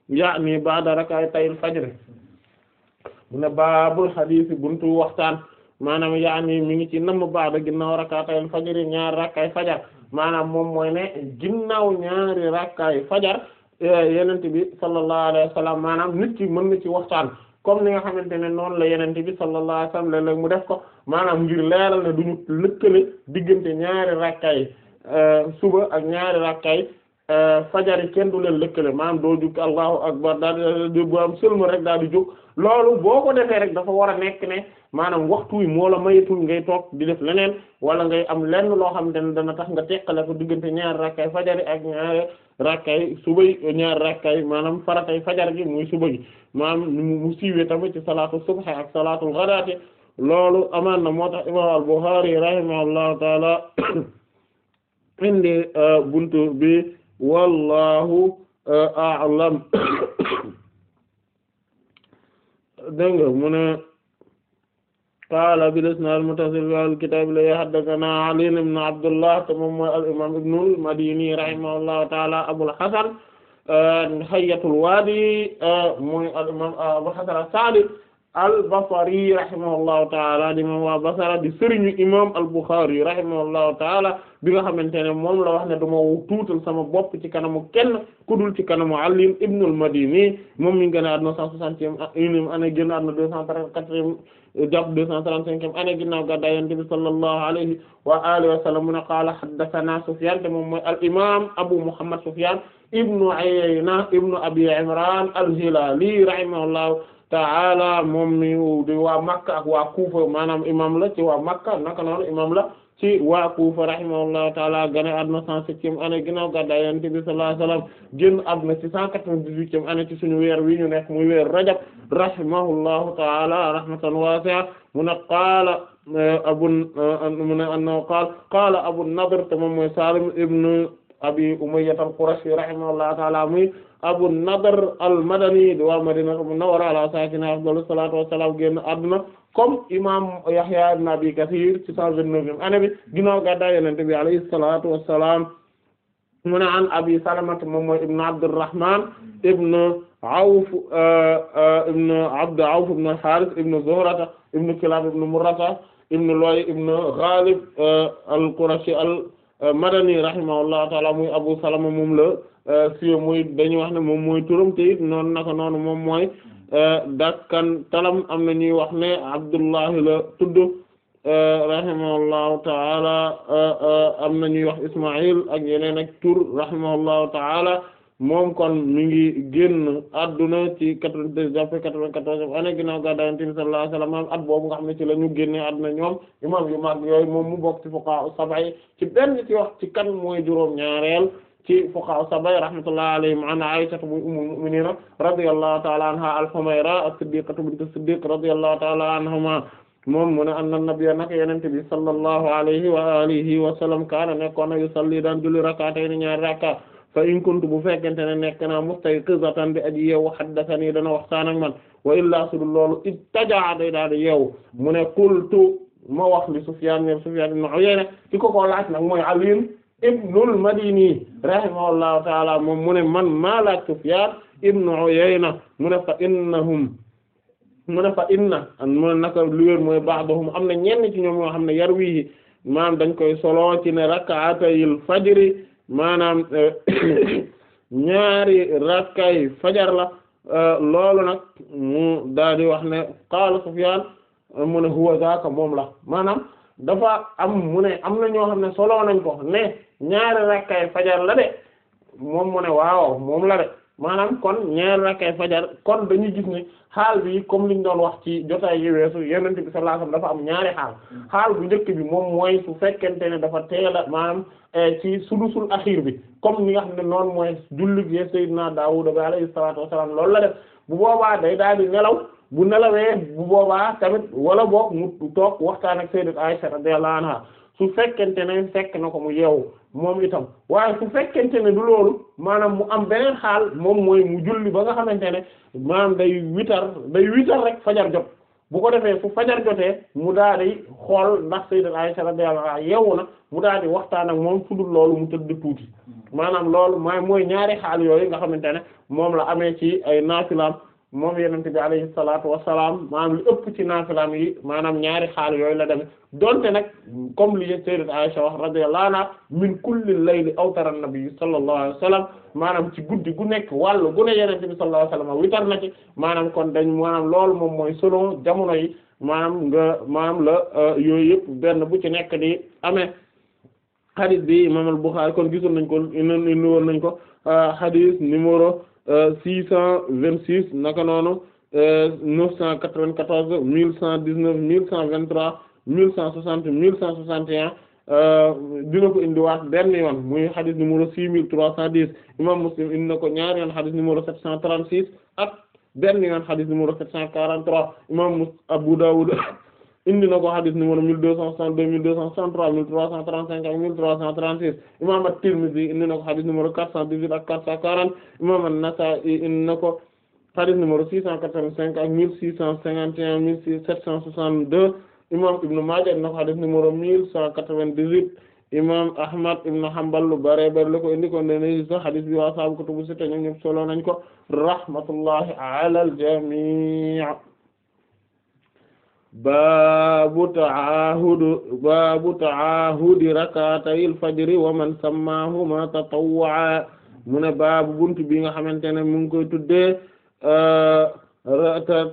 yaani ba'da rakaatayil fajr mu ne baabul hadiisi buntu waxtaan maanaam yaa yaani mi ngi ci namm baada ginnaaw rakkaatayl fajari ñaari rakkaay fajar maanaam moom mooy ne ginnaaw ñaari rakkaay fajar eh, yenent bi sallallahu alayhi wa sallam maanaam nit ci mën na ci waxtaan comme ni nga xamante ne noonu la yenente bi sallallahu alayhi wa sallam la léeg mu def ko maanaam ngir leeral ne duñu lëkkale diggante ñaari rakkaay eh, suba ak ñaari rakkaay Euh, fajar yi kenn du leen lëkkale maanaam doo jug allahu akbar daal di bu am sëlma rek daal di jóg loolu boo ko defee rek dafa war a nekk ne maanaam waxtu wi moo la mayetul ngay toog di def leneen wala ngay am lenn loo xam ne dana tax nga teqale ko diggante ñaar rakkay fajar ak ñaari rakkay suba ñaar rakkay maanaam faratay fajar gi muy suba gi maanaam mu siiwee tamit ci salaatu subha ak salaatul ghadaati loolu amaan na moo tax imaam al Bukhari rahimahullahu wallahu uh, a'lam dégg nga mu ne qaala bil isnaad muttasil bil kitaab la haddathanaa Ali ibn Abdullah te moom mooy al imaam Ibnul Madini rahimahullahu ta'ala Abul Hasan uh, Hayyatul Waadi uh, mooy al imaam Abul Hasan as-Saadi al-Basri rahimahullahu taala di moom waa Basra di sëriñu imam al-Bukhari rahimahullahu taala bi nga xamante ne moom la wax ne dama tuutal sama bopp ci kanamu kenn ku dul ci kanamu Ali ibn al-Madini moom mi ngi gën a àdduna cent soixantième unième année génn àdduna deux cent trente-quatrième jàpp deux cent trente-cinquième année ginnaaw gàddaay Yonent bi sallallahu alayhi wa alihi wa sallam mu ne qaala haddathana Sufyan te moom mooy al-imam Abu Muhammad Sufyan ibnu Uyayna ibnu Abi Imran al-Hilali rahimahullahu ta'ala moom mi waa Makka ak waa Kufa maanaam imam la ci waa Makka naka noonu imam la ci waa Kufa rahimahullahu ta'ala gane àdduna cent septième année ginnaaw gàddaay Yonent bi sallallahu alayhi wasallam génn àdduna ci cent quatre vingt dix suñu weer wi ñu nekk muy weer Rajab rahimahullahu ta'ala rahmatan wasi'a mu ne qaala eh, abu eh, mu ne annahu qaala qaala Abu Nadr te moom mooy Salim ibn Abi Umayyah al-Qurashi rahimahullahu ta'ala muy Abu Nadr al-Madani di waa Madina Munawwara ala saakinihaa afdalu salaatu wa salaam génn àdduna comme imaam Yahya ibn Abi Kathir ci cent vingt-neuvième année bi ginnaaw gàddaay Yonent bi alayhi salaatu salaam mu ne an Abi Salamata moom mooy ibn Abdurrahman ibn Awf euh, ibn Awf ibn al-Harith ibn Zuhrata ibn Kilab ibn Murrata ibn Lu'ay ibn Ghalib euh, al-Qurashi al-Madani rahimahullahu ta'ala muy Abu Salama moom la fii euh, muy dañuy wax ne moom mooy turam te it noonu naka noonu moom mooy euh, dakkan talam am na ñuy wax ne Abdullahi la tudd euh, rahimahullahu taala am na ñuy wax Ismaïl ak yeneen ak tur rahimahullahu taala moom kon mi ngi génn adduna ci quatre-vingt-deux jàppe quatre-vingt-quatorze année ginnaaw ga dayante bi sallallahu alayhi wasallam maam at boobu nga xam ne ci la ñu génne adduna ñoom imam yu mag yooyu moom mu bokk ci fuqaha sab'a ci benn ci wax ci kan mooy juróom ci fuqaha sabay rahmatullahi alayhim an Aisha muy ummul mu'minin radiyallahu ta'ala anha al-Humayra as-Siddiqa bint as-Siddiq radiyallahu ta'ala anhuma moom mu ne anna nabiyya naka yonent bi sallallahu alayhi wa alihi wa sallam kaana nekkoon na yusalli daan julli rak'atayn ñaari rakka fa in kuntu bu fekkente ne nekk naa mustayqizatan bi aji yeewu haddathani dana waxtaan ak man wa illaa su dul loolu ittaja day daal di yeewu mu ne qultu ma wax li Sufyaan ibn Sufyaan ibn Uyayna ki ko ko laaj nag mooy Ali ibnul madini rahimahullahu taala moom mu ne man maa laaj Sufyaan ibnu Uyayna mu ne fa innahum mu ne fa inna mu ne naka luwér mooy am na ñenn ci ñoom ñoo xam ne yar wii maanaam dañ koy solo ci ne rak'atayil fajri maanaam ñaari rakkay fajar la loolu nag mu daal wax ne qaala Sufyaan mu ne huwa zaaka moom la maanaam dafa am mu ne am na ñoo xam ne solo nañ ko ne ñaari rakkay fajar la de moom mu ne waaw moom la de maanaam kon ñaari rakkay fajar kon dañuy gis ni xaal bi comme ñu doon wax ci jotaay yi weesu yonent bi sallallahu alayhi wasallam dafa am ñaari xaal xaal bu njëkk bi moom mooy su fekkente ne dafa teela maanaam eh, ci sulusul axiir bi comme ñi nga xam ne noonu mooy jullit yi Seydina Daawuda bi alayhi salaatu wassalaam loolu la def bu boobaa day daal di nelaw bu nelawee bu boobaa tamit wala boog mu toog waxtaan ak sayyidat Aisha radiyallahu anha su fekkente ne fekk na ko mu yeewu moom itam waaye su fekkente ne du loolu maanaam mu am beneen xaal moom mooy mu julli ba nga xamante ne maanaam day witar day witar rek fajar jot bu ko defee su fajar jotee mu daal di xool ndax sayyidat Aisha radiyallahu anha yeewu na mu daal di waxtaan ak moom sudul loolu mu tëdd tuuti maanaam loolu mooy mooy ñaari xaal yooyu nga xamante ne moom la amee ci ay naafilaam moom yenente bi alayhi salaatu wassalaam maanaam li ëpp ci naafilaam yi maanaam ñaari xaal yooyu la deme donte nag comme li sayyidat Aisha wax radiyallahu anha min kulli layli awtara nabi sallallahu alayhi wasallam maanaam ci guddi gu nekk wàllu gu ne yenente bi sallallahu alayhi wasallam witar na ci maanaam kon dañ maanaam loolu moom mooy solo jamono yi maanaam nga maanaam la euh, yooyu yëpp benn bu ci nekk di amee hadith bi imam al-Bukhari kon gisoon nañ ko inoon nañ ko euh, hadith numéro Euh, six cent vingt six naka noonu euh, neuf cent quatre vingt quatorze mille cent dix neuf mille cent vingt trois mille cent soixante mille cent soixante et un euh, dina ko indiwaat benn yoon muy xadis numéro six mille trois cent dix imam Muslim indi na ko ñaari yoon xadis numéro sept cent trente six ak benn yoon xadis numéro sept cent quarante trois imam Abu Dawud indi na ko xadis numéro mille deux cent soixante-deux mille deux cent trois mille trois cent trente-cinq ak mille trois cent trente-six imam at indi na ko xadis numéro quatre cent dix-huit ak quatre cent quarante imam an-Nasa'i indi na six cent quatre-vingt-cinq ak mille six cent cinquante et un mille sept cent soixante-deux imam Ibn Maaja indi na ko mille cent quatre-vingt-dix-huit imam Ahmad ibn Hanbal lu bare bare la ko indi ko ne ko rahmatullahi baabu taahudu baabu taahudi rakatayil fajri wa man sammahuma tatawwa mu ne baabu buntu bi nga xamante ne mu ngi koy tuddee euh,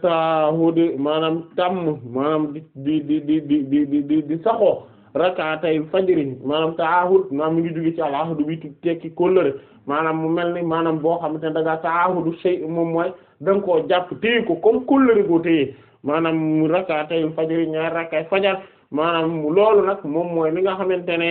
taahudi maanaam tàmm maanaam di di di di di di di saxo rakatayil fajri maanaam taahud maanaam mu ngi jóge ci alahudu bi tekki kóllëre maanaam mu mel ni maanaam boo xamante ne da ngaa taahudu shay moom mooy da nga koo jàpp téye ko comme kóllëre goo maanaam mu rakkaatayul fajri ñaar rakkaay fajar maanaam loolu nag moom mooy li nga xamante ne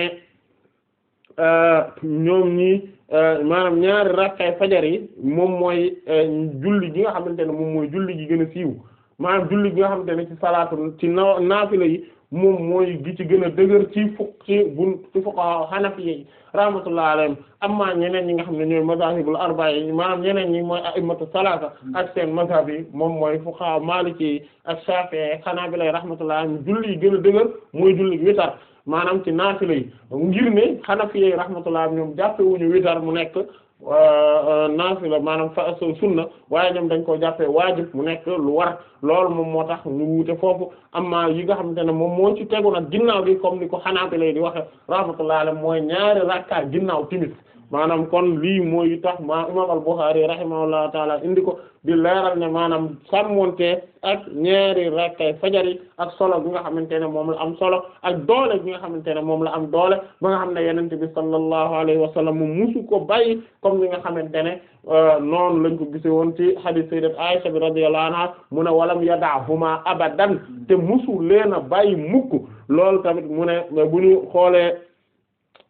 euh, ñoom ni euh, maanaam ñaari rakkaay fajar yi moom mooy euh, julli gi nga xamante ne moom mooy julli gi gën a siiw maanaam julli gi nga xamante ne ci salaatu ci naafila yi moom mooy gi ci gën a dëgër ci fukk ci bun ci fuqaha hanafi yi rahmatullah alayhim amma ñeneen ñi nga xam ne ñooy mazahibul arba'a yi maanaam ñeneen ñi mooy a'immatu salaasa ak seen mazhab yi moom mooy fuqaha maliki yi ak xanaa shafi'i hanabila rahmatullah alayhim julli yi gën a dëgër mooy julli witar maanaam ci naafila yi ngir ne hanafi yi rahmatullah ñoom jàppewuñu witar mu nekk Euh, euh, naafila maanaam fa sunna waaye ñoom dañ koo jàppee waajib mu nekk lu war lool moom moo tax ñu wuute foofu amma yi nga xamante ne moom moo ci tegu nag ginnaaw bi comme ni ko xanaa Hanaabila di waxe rahmatullahi alayhi mooy ñaari rakka ginnaaw timis maanaam kon lii mooy tax ma imam al-Bukhârî rahimahullahu taala indi ko di leeral ne maanaam sàmmonte ak ñeeri rakkay fajar ak solo bi nga xamante ne moom la am solo ak doole bi nga xamante ne moom la am doole ba nga xam ne yenente bi sallallahu alayhi wa sallam moom musu ko bàyyi comme ni nga xamante ne euh, noonu lañ ko gise woon ci hadith sayyidat Aisha bi radiyallahu anha mu ne walam yadahuma abadan te musu leena bàyyi mukk loolu tamit mu ne bu ñu xoolee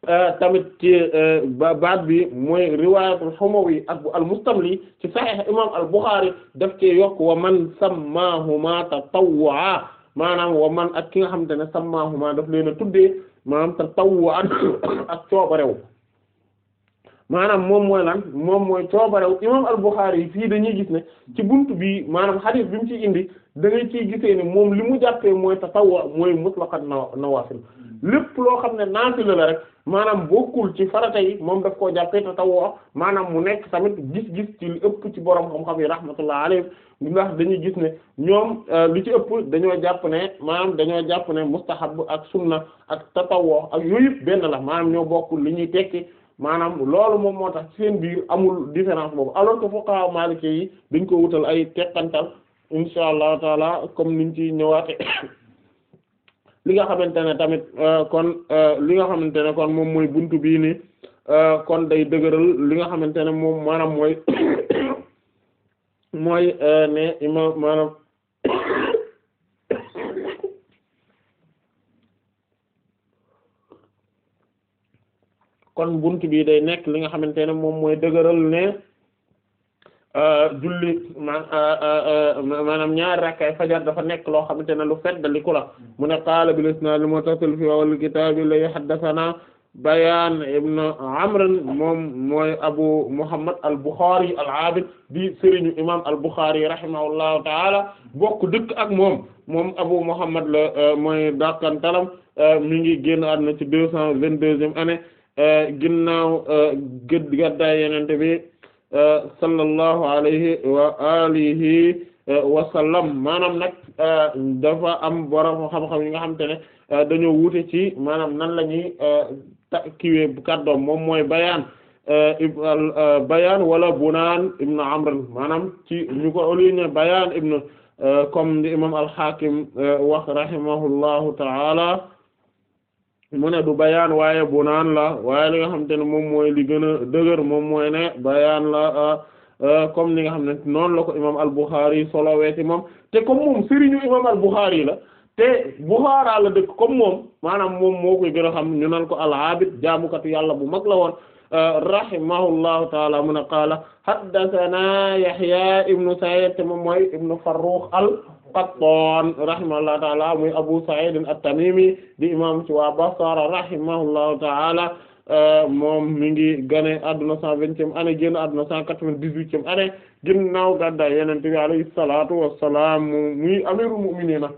Euh, tamit ci euh, baat bi mooy riwaayatul Humawi ak al-Mustamli ci Sahih imam al-Bukhari daf cee yokk wa man sammaahuma tatawwu'a maanaam wa man ak ki nga xamante ne sammaahuma daf leen a tuddee maanaam tatawwu'an ak coobarew maanaam moom mooy lan moom mooy coobarew imam al-Bukhari yi fii dañuy gis ne ci buntu bi maanaam xadiis bi mu ci indi da ngay ciy gisee ne moom li mu jàppee mooy tatawwa mooy mutlaqan nawaafil lépp loo xam ne naafila la rek maanaam bokkul ci farata yi moom daf koo jàppee tatawwa maanaam mu nekk tamit gis-gis ci ëpp ci borom xam-xam yi rahmatullah alayhi ndax dañuy gis ne ñoom euh, li ci ëpp dañoo jàpp ne maanaam dañoo jàpp ne mustahab ak sunna ak tatawwa ak yooyu yëpp benn la maanaam ñoo bokkul li ñuy tekki maanaam loolu moom moo tax seen biir amul différence boobu alors que fuqaha maliki yi dañ ko wutal ay teqantal insha allah taala comme niñ ci ñëwaate li nga xamante ne tamit euh, kon euh, li nga xamante ne kon moom mooy buntu bii ni euh, kon day dëgëral li nga xamante ne moom maanaam mooy mooy ne imam maanaam kon bunt bi day nekk li nga xamante ne moom mooy dëgëral ne euh, julli euh, euh, maanaam ñaari rakkaay fajar dafa nekk loo xamante ne lu feddaliku la mu ne qaala bil isnaad al muttasil fi awal kitaab li haddathana Bayaan ibn Amr moom mooy Abu Muhammad al-Bukhari al-Abid di sëriñu imam al-Bukhari rahimahullahu taala bokk dëkk ak moom moom Abu Muhammad la mooy dàkkantalam mi ngi génn àdduna ci deux cent vingt-deuxième année Eh, ginnaaw eh, gëd gàddaay yenente bi eh, sallallahu alayhi wa alihi wa sallam maanaam nag dafa am borom xam-xam yi nga xamante ne dañoo wuute ci maanaam nan la ñuy takkiwee kàddoom moom mooy bayaan bayaan wala bunaan ibnu amr maanaam ci ñu ko oli ne bayaan ibnu comme di imam al-Hakim wax rahimahullahu ta'ala mu ne du bayaan waaye bunaan la waaye li nga xamante ne moom mooy li gën a dëgër moom mooy ne bayaan la ah, ah, comme li nga xam ne noonu la ko imam al-Bukhari solowee ci moom te comme moom sëriñu imam al-Bukhari la te Bukhara la dëkk comme moom maanaam moom moo koy gën xam ñu nan ko al-Abid jaamukatu yàlla bu mag la woon ah, rahimahullahu taala mun a qaala haddathana Yahya ibnu Sa'id te moom mooy ibnu Farrukh al Qattan rahimahullahu ta'ala muy Abu Sa'id at di imam ci waa Basra rahimahullahu ta'ala euh, moom mi gane adduna cent vingtième année génn adduna cent quatre-vingt-dix-huitième année ginnaaw gàddaay Yonent bi alayhi muy amirul mu'miniina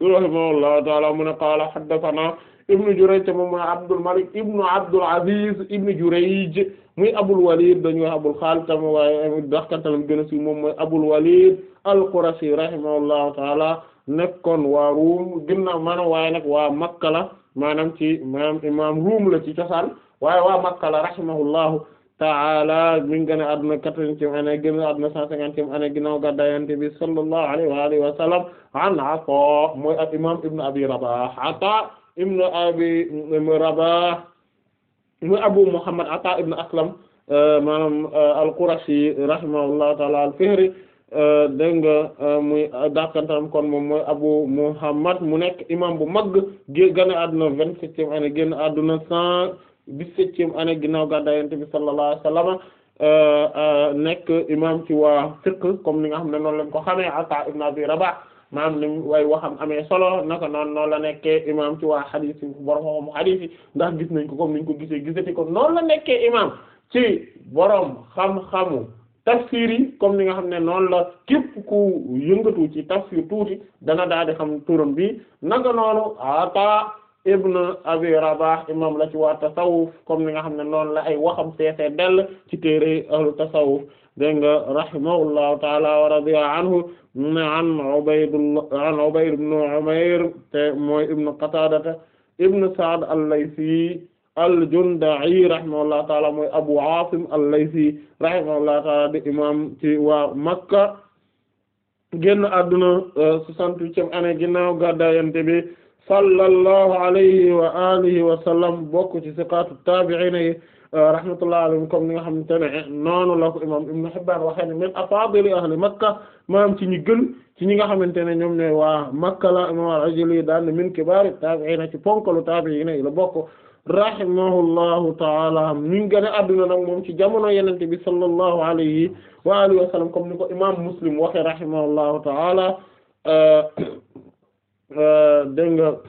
rahimahullahu ta'ala mu ne qaala haddathana ibnu Jurayj moom mooy Abdul Malik ibnu Abdul Aziz ibnu Jurayj muy Abul Walid dañu wax Abul Khalid tam waaye daxkantalam gën a siiw moom mooy Abul Walid al-Qurashi rahimahullahu taala nekkoon waa Ruum ginnaaw maanaam waaye nag waa maanaam ci maanaam imaam Ruum la ci cosaan waay waa Makka la rahimahullahu taala mi ngi gën a adduna quatre-vingtième année gën a adduna cent cinquantième année ginnaaw gàddaay Yonent bi sallallahu alayhi wa alihi wa sallam an mooy ak imaam Ibn Abi Rabah Ataa Ibn Abi Rabah mu Abu Muhammad Ata ibn Aslam euh, maanaam euh, al-Qurashi rahimahullahu ta'ala al-Fihri euh, dégg nga muy dàqantam kon moom mooy Abu Muhammad mu nekk imam bu mag génn àdduna vingt-septième année génn àdduna cent dix-septième année ginnaaw gàddaay Yonent bi sallallahu alayhi wasallam nekk imam ci waa fiqh comme ni nga xam ne noonu lañ ko xamee Ata ibn Abi Rabah maanaam li way waxam amee solo naka noonu noonu la nekkee imam ci waa xadis yi borom xam-xam xadis yi ndax gis nañ ko comme niñ ko gisee gisati ko noonu la nekkee imam ci boroom xam-xamu tafsir yi comme ni nga xam ne noonu la képp ku yëngatu ci tafsir tuuti dana daal di xam turam bi naka noonu ata ibn abi rabah imam la ci waa tasawuf comme ni nga xam ne noonu la ay waxam seetee dell ci téere ahlu tasawuf dégg nga rahimahullahu taala wa radiya anhu ne an Ubaydullah an Ubayd ibn Umayr te mooy ibnu Qataadata ibnu Sa'd al-Laysi al-Junda'i rahimahullahu taala mooy Abu Aasim al-Laysi rahimahullahu taala di imam ci waa Makka génn àdduna euh, soixante-huitième année ginnaaw gàddaay Yonent bi sallallahu alayhi wa alihi wa sallam bokk ci siqaatu taabi'iin Euh, rahmatullahi alayhim comme ni nga xamante ne noonu la ko imam Ibn Hibban waxee ne min afaadili ahli Makka maanaam ci ñi gën ci ñi nga xamante ne ñoom ñooy waa Makka la imam al-Ajli daan ne min kibaari taabi'iina ci ponkalu taabi'iina yi la bokk rahimahullahu taala ñu ngi gën a adduna nag moom ci jamono yenente bi sallallahu alayhi wa alihi wa sallam comme ni ko imam Muslim waxee rahimahullahu taala euh, euh, dégg nga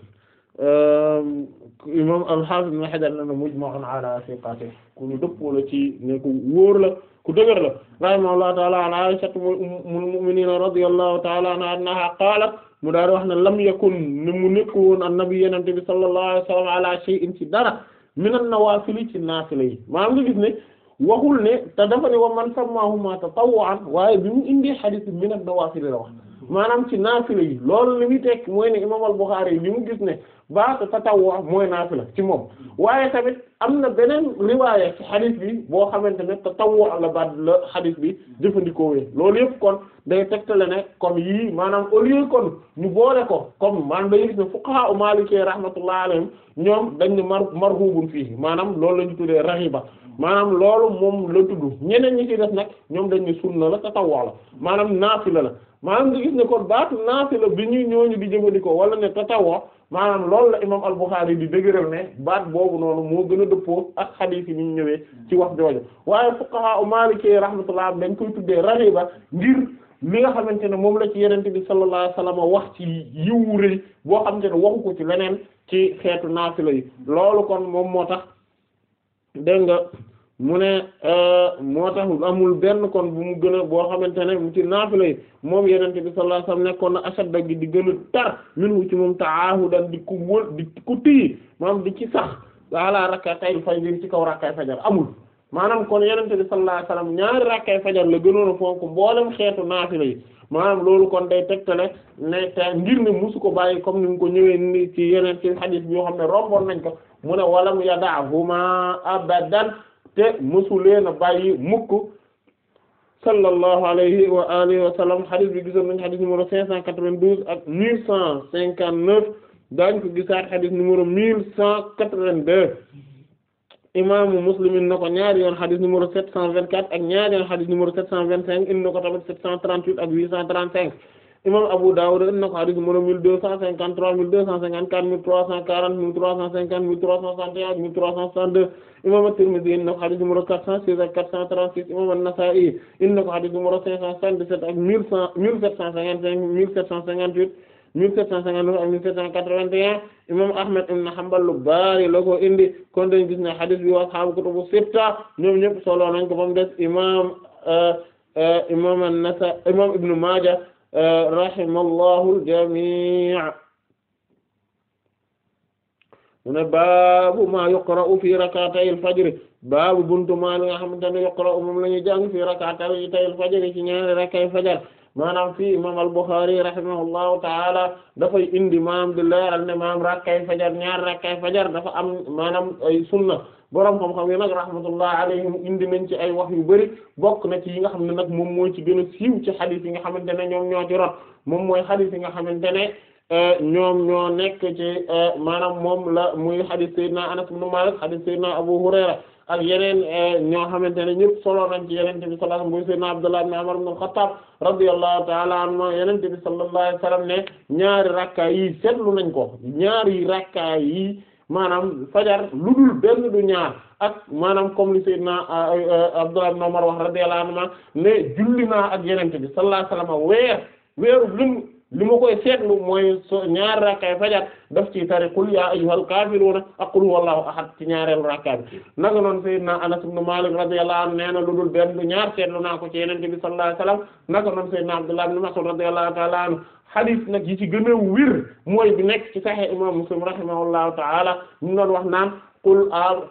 imam al-Hafiz Ibn Hajar na mujma'un ala siqatihi ku ñu dëppoo la ci ne ku wóor la ku dëgër la rahimahullahu ta'ala an Aisha ummul mu'minin radiyallahu ta'ala anha qalat mu daal wax ne lam yakun ne mu nekk woon annabi yenente bi sallallahu alayhi wasallam ala shay'in ci dara min an-nawafil ci naafila yi maanaam nga gis ne waxul ne te dafa ne wa man sammahuma tatawwu'an waaye bi mu indi hadith min an-nawafil la wax maanaam ci naafila yi loolu li muy tekk mooy ne imam al-Bukhari yi li mu gis ne baata tatawwa mooy naafila ci moom waaye tamit am na beneen riwaaya ci xadis bi boo xamante ne tatawwa la baat la xadis bi jëfandikoo wee loolu yëpp kon day tegtale ne comme yii maanaam au lieu kon ñu boole ko comme maanaam day gis ne fuqaha u Maliki rahmatullah alayhim ñoom dañ ne mar marhubun fii maanaam loolu la ñu tuddee raxiba maanaam loolu moom la tudd ñeneen ñi ci def nag ñoom dañ ne sunna la tatawwu la maanaam naafila la maanaam nga gis ne kon baatu naafila bi ñuy ñooñu di jëfandikoo wala ne tatawwu maanaam loolu la imaam al-Bukhari di dëgëral ne baat boobu noonu moo gën a dëppoo ak xadiis yi ñu ñëwee ci wax jooju waaye fuqaha u Maliki rahmatullah dañ koy tuddee ba ngir li nga xamante ne moom la ci yenente bi sallallahu alayhi wasallam wax ci yiwu rëy boo xamante n waxu ko ci leneen ci xeetu naafila yi loolu kon moom moo tax dégg nga mu ne euh, moo tax amul benn kon bu mu gën a boo xamante ne mu ci naafila yi moom yenente bi sallallahu alayhi wasallam nekkoon na ashadda gi di gën a tar minhu ci moom ta'ahudan di ku di ku tiyi maanaam di ci sax ala rakatay fajr ci kaw rakkay fajar amul maanaam kon yenente bi sallallahu alayhi wasallam ñaari rakkay fajar la gënoon a fonk mboolem xeetu naafila yi maanaam loolu kon day tegtale ne te ngir ne musu ko bàyyi comme ni mu ko ñëwee ni ci yeneen ci hadith bi yoo ne romboon nañ ko mu ne walam yadahuma abadan te mësu leen a bàyyi mukk sallallahu alayhi wa alihi wa sallam xadis bi gisoon nañ xadis numéro cinq cent quatre-vingt-douze ak mille cent cinquante-neuf daañ ko gisaat xadis numéro mille cent quatre-vingt-deux imaamu Muslim in na ko ñaari yoon xadis numéro sept cent vingt-quatre ak ñaari yoon xadis numéro sept cent vingt-cinq in na ko tamit sept cent trente-huit ak huit cent trente-cinq imam Abu Dawud indi na ko hadith numéro mille deux cent cinquante-trois mille deux cent cinquante-quatre mille trois cent quarante mille trois cent cinquante mille trois cent soixante et un mille trois cent soixante-deux imam At-Tirmidhi indi na ko hadith numéro quatre cent six ak quatre cent trente-six imam An-Nasa'i indi na ko hadith numéro cinq cent soixante-dix-sept ak mille cent mille sept cent cinquante-cinq mille sept cent cinquante-huit mille sept cent cinquante-neuf ak mille sept cent quatre-vingt-un imam Ahmad ibn Hanbal lu bari la ko indi kon dañu gis ne hadith bi ashaabu kutubu sitta ñoom ñëpp solo nañ ko ba mu des imam euh, euh, imam An-Nasa'i imam Ibn Maaja rahimallahu al-jamii' mu ne baabu maa yuqra'u fi rak'atay al-fajr baabu buntu maa li nga xamante ne yuqra'u moom la ñuy jàng fi rak'atay al-fajr ci ñaari rakay fajar maanaam fii imam al-Bukhari rahimahullahu taala dafay indi maam di leeral ne maam rakkay fajar ñaar rakkay fajar dafa am maanaam ay sunna borom xam-xam yi nag rahmatullah alayhim indi nañ ci ay wax yu bari bokk na ci yi nga xam ne nag moom moo ci gën a siiw nga xamante ne ñoom ñoo ci moom mooy xadiis yi nga xamante ne euh, ñoom ñoo nekk ci euh, maanaam moom la muy xadiis Seydina Anas ibn Malik xadiis Seydina Abu Hurayra ak yeneen euh, ñoo xamante ne ñëpp solo nañ ci yenente bi sallallahu alayhi wasallam sayyidina Abdullah ibn Umar ibn al-Khattab radiyallahu ta'ala anhu yenente bi sallallahu alayhi wasallam ne ñaari rakka yi seetlu nañ ko ñaari rakka yi maanaam fajar lu dul benn du ñaar ak maanaam comme li sayyidna euh, euh, Abdullah ibn Umar wax radiyallahu anhuma ne julli naa ak yenente bi sallallahu alayhi wasallam weer weeru lim li ma koy seetlu mooy so ñaar rakkay fajar daf ci tari qul ya ayyuhal kaafiruuna ak qul huwallahu ahad ci ñaareelu rakka bi naka noonu sayyidna Anas ibn Malik radiyallahu anhu nee na lu dul benn du ñaar seetlu naa ko ci yenente bi sallallahu alayhi wasallam naka noonu sayyidna Abdullah ibn xadis nag yi ci gën a wér mooy bi nekk ci Sahih imam Muslim rahimahullahu ta'ala ñu doon wax naan qul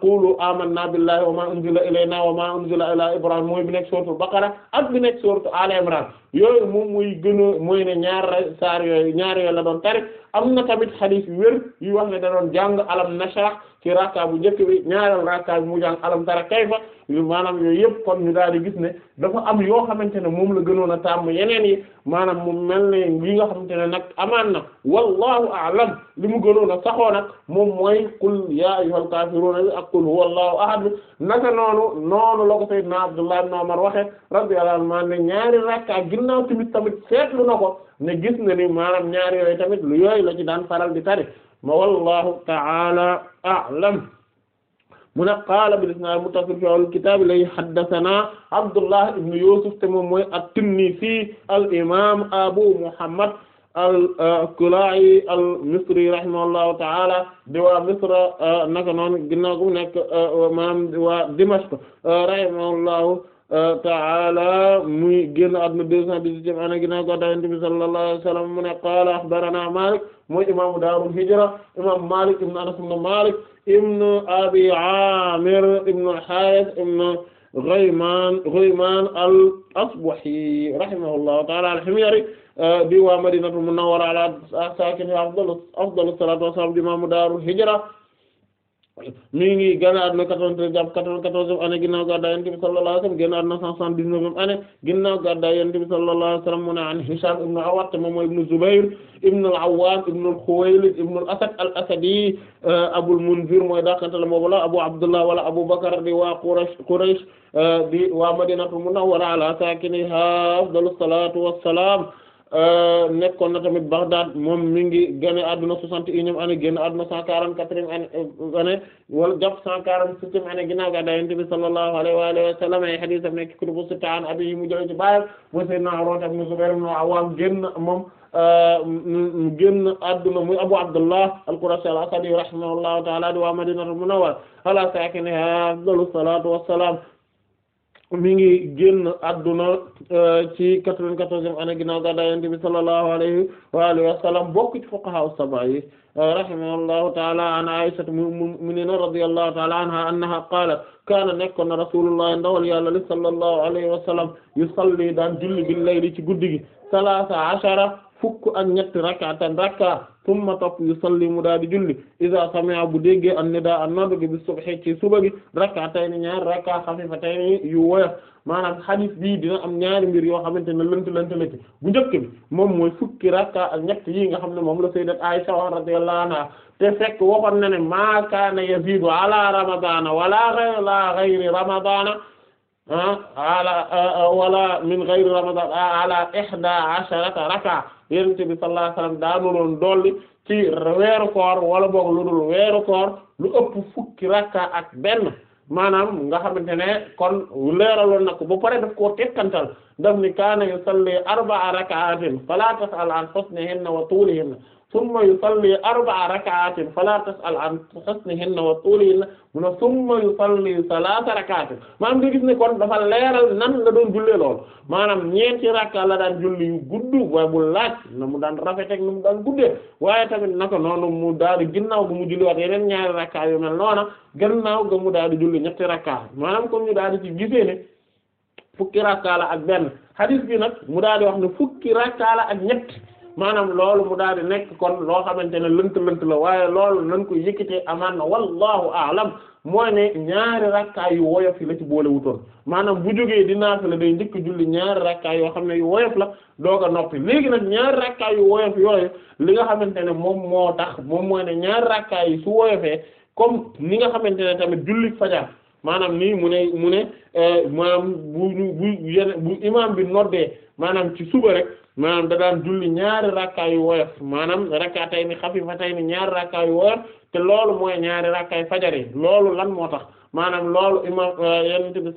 qulu amanna billahi wa ma unzila ilayna wa ma unzila ila ibrahim mooy bi nekk suratul baqara ak bi nekk suratul al imran yooyu moom muy gën a mooy ne ñaar saar yooyu ñaar yooyu la doon tari am na tamit xadiis yu wér yu wax ne da doon jàng alam nashrah ci rakka bu njëkk bi ñaareel rakka mu jàng alam tara kayfa yu maanaam yooyu yëpp kon ñu daal di gis ne dafa am yoo xamante ne moom la gënoon a tàmm yeneen yi maanaam mu mel ne li nga xamante ne nag amaan na wallahu a'lam li mu gënoon a saxoo nag moom mooy qul ya ayyuhal kaafiruuna bi ak qul huwallahu ahad naka noonu noonu ne ñaari rakka ginnaaw tamit tamit seetlu na ko ne gis na ni maanaam ñaar yooyu tamit lu yooyu la ci daan faral di tari ma wallahu ta'ala a'lam mu ne qaala bil isnaad muttasil fi al kitaab lay haddasanaa Abdullah ibn Yusuf te moom mooy at-Tinnisi al imaam Abu Muhammad al Kalaa'i al Misri rahimahullahu ta'ala di waa Misra naka noonu ginnaaw gu nekk maanaam di waa Dimashq rahimahullahu ta'ala muy génn àdduna deux cent dix-huitième année ginnaaw gàddaay Yonent bi sallallahu alayhi wa sallam mu ne qaala akhbarana Malik mooy imaamu daarul hijra imam Malik ibn Anas ibn Malik ibn Abi Amir ibn al-Harith ibn Ghayman Ghayman al-Asbahi rahimahullahu ta'ala al-Himyari uh, di waa Madinatul Munawwara ala saakinihaa afdalu afdalu salaatu wa salaam imaamu daarul hijra mi ngi a àdduna 93 jàpp 94 année ginnaaw gàddaay Yonent bi sallallahu alayhi wa sallam génn àdduna 179 année ginnaaw gàddaay Yonent bi sallallahu alayhi wa sallam mu ne an Hisham ibn Urwa moom mooy ibn Zubayr ibn al-Awwam ibn al-Khuwaylid ibn al-Asad al-Asadi euh, Abul Munzir mooy dàqanteel boobu la Abu Abdullah wala Abu Bakr di waa Quraysh Quraysh euh, di waa Madinatul Munawwara ala saakinihaa afdalu salaatu wassalaam Euh, nekkoon na tamit Baghdad moom mi ngi àdduna soixante et unième année àdduna cent quarante-quatrième année euh, wala jàpp cent quarante-septième année ginnaaw ga Yonent bi sallallahu alayhi wa alihi wa sallam ay hadiisam nekk kutubu sitta an abiihi mu jëlee ci baayam mooy Seydina Urwa ibn Zubayr ibn Awwaam génn moom euh, génn àdduna muy Abu Abdullah al-Qurashi al-Asadi rahimahullahu ta'ala di waa Madinatul Munawwara ala saakinihaa afdalu salaatu wassalaam mi ngi génn adduna euh, ci quatre-vingt-quatorzième année ginnaaw bi sallallahu alayhi wa alihi wa fuqaha as-sab'a yi euh, rahimahullahu ta'ala an Aisha mu'minina radiyallahu kaana nekkoon na rasulullah ndawal yàlla li sallallahu alayhi wa sallam yusalli daan julli bil layli ci guddi fukk ak ñetti rak'atan rak'a summa topp yu salli mu daal di julli iza sami'a bu déggee an nidaa an noddu gi bi subhi ci suba gi rakkatayni ñaari rakka xafifatayni yu woyof maanaam hadith bii am ñaari mbir yoo xamante ne lënt lënt la ci bu njëkk bi moom mooy fukki rakka ak ñett yi nga xam ne moom la sayyidat Aisha radiyallahu anha te fekk waxoon na ne ma kaana yazidu ala ramadana wala ghayra ramadana ala uh, uh, wala min ghayri ramadan uh, ala ihda asharata raka yonent bi sallallahu alayhi wasallam daanu loon dolli ci weeru koor wala boog lu dul weeru koor lu ëpp fukki rakka ak benn maanaam nga xamante ne kon leeraloon na ko ba pare daf koo tekkantal daf ni kaana yusalli arba'a rak'atin fala tas'al an husnihinna wa tulihinna summa yusalli arba'a rak'atin fala tas'al an husnihinna wa tulihinna mu ne summa yusalli salaasa rak'atin maanaam nga gis ne kon dafa leeral nan la doon jullee lool maanaam ñeenti rakaa la daan julli yu gudd waaye bu laaj na mu daan rafet ak na mu daan guddee waaye tamit naka noonu mu daal di ginnaaw ga mu julli waat yeneen ñaari rakka yu mel noona ginnaaw ga mu daal di julli ñetti rakka maanaam comme ñu daal di ci gisee ne fukki rakka la ak benn hadith bi nag mu daal di wax ne fukki rakka ak ñett maanaam loolu mu daal di nekk kon loo xamante ne lënt lënt la waaye loolu nañ ko yëkkatee amaan na wallahu alam mooy ne ñaari rakkaay yu woyof yi la ci boole wutoon maanaam bu jógee di naafila day njëkk julli ñaari rakkaay yoo xam ne yu woyof la doog a noppi léegi nag ñaari rakkaay yu woyof yooyu li nga xamante ne moom moo tax moom mooy ne ñaari rakkaay yi su woyofee comme ni nga xamante ne tamit julli fajar maanaam nii mu ne mu ne eh, maanaam bu bu yenn bu imaam bi noddee maanaam ci suba rek maanaam da julli ñaari rakkaa yu woyof maanaam rakkaatay ni tay mi ñaari rakkaa yu woyof te loolu mooy ñaari rakkaay fajar yi loolu lan moo tax maanaam loolu imam euh, yonent bi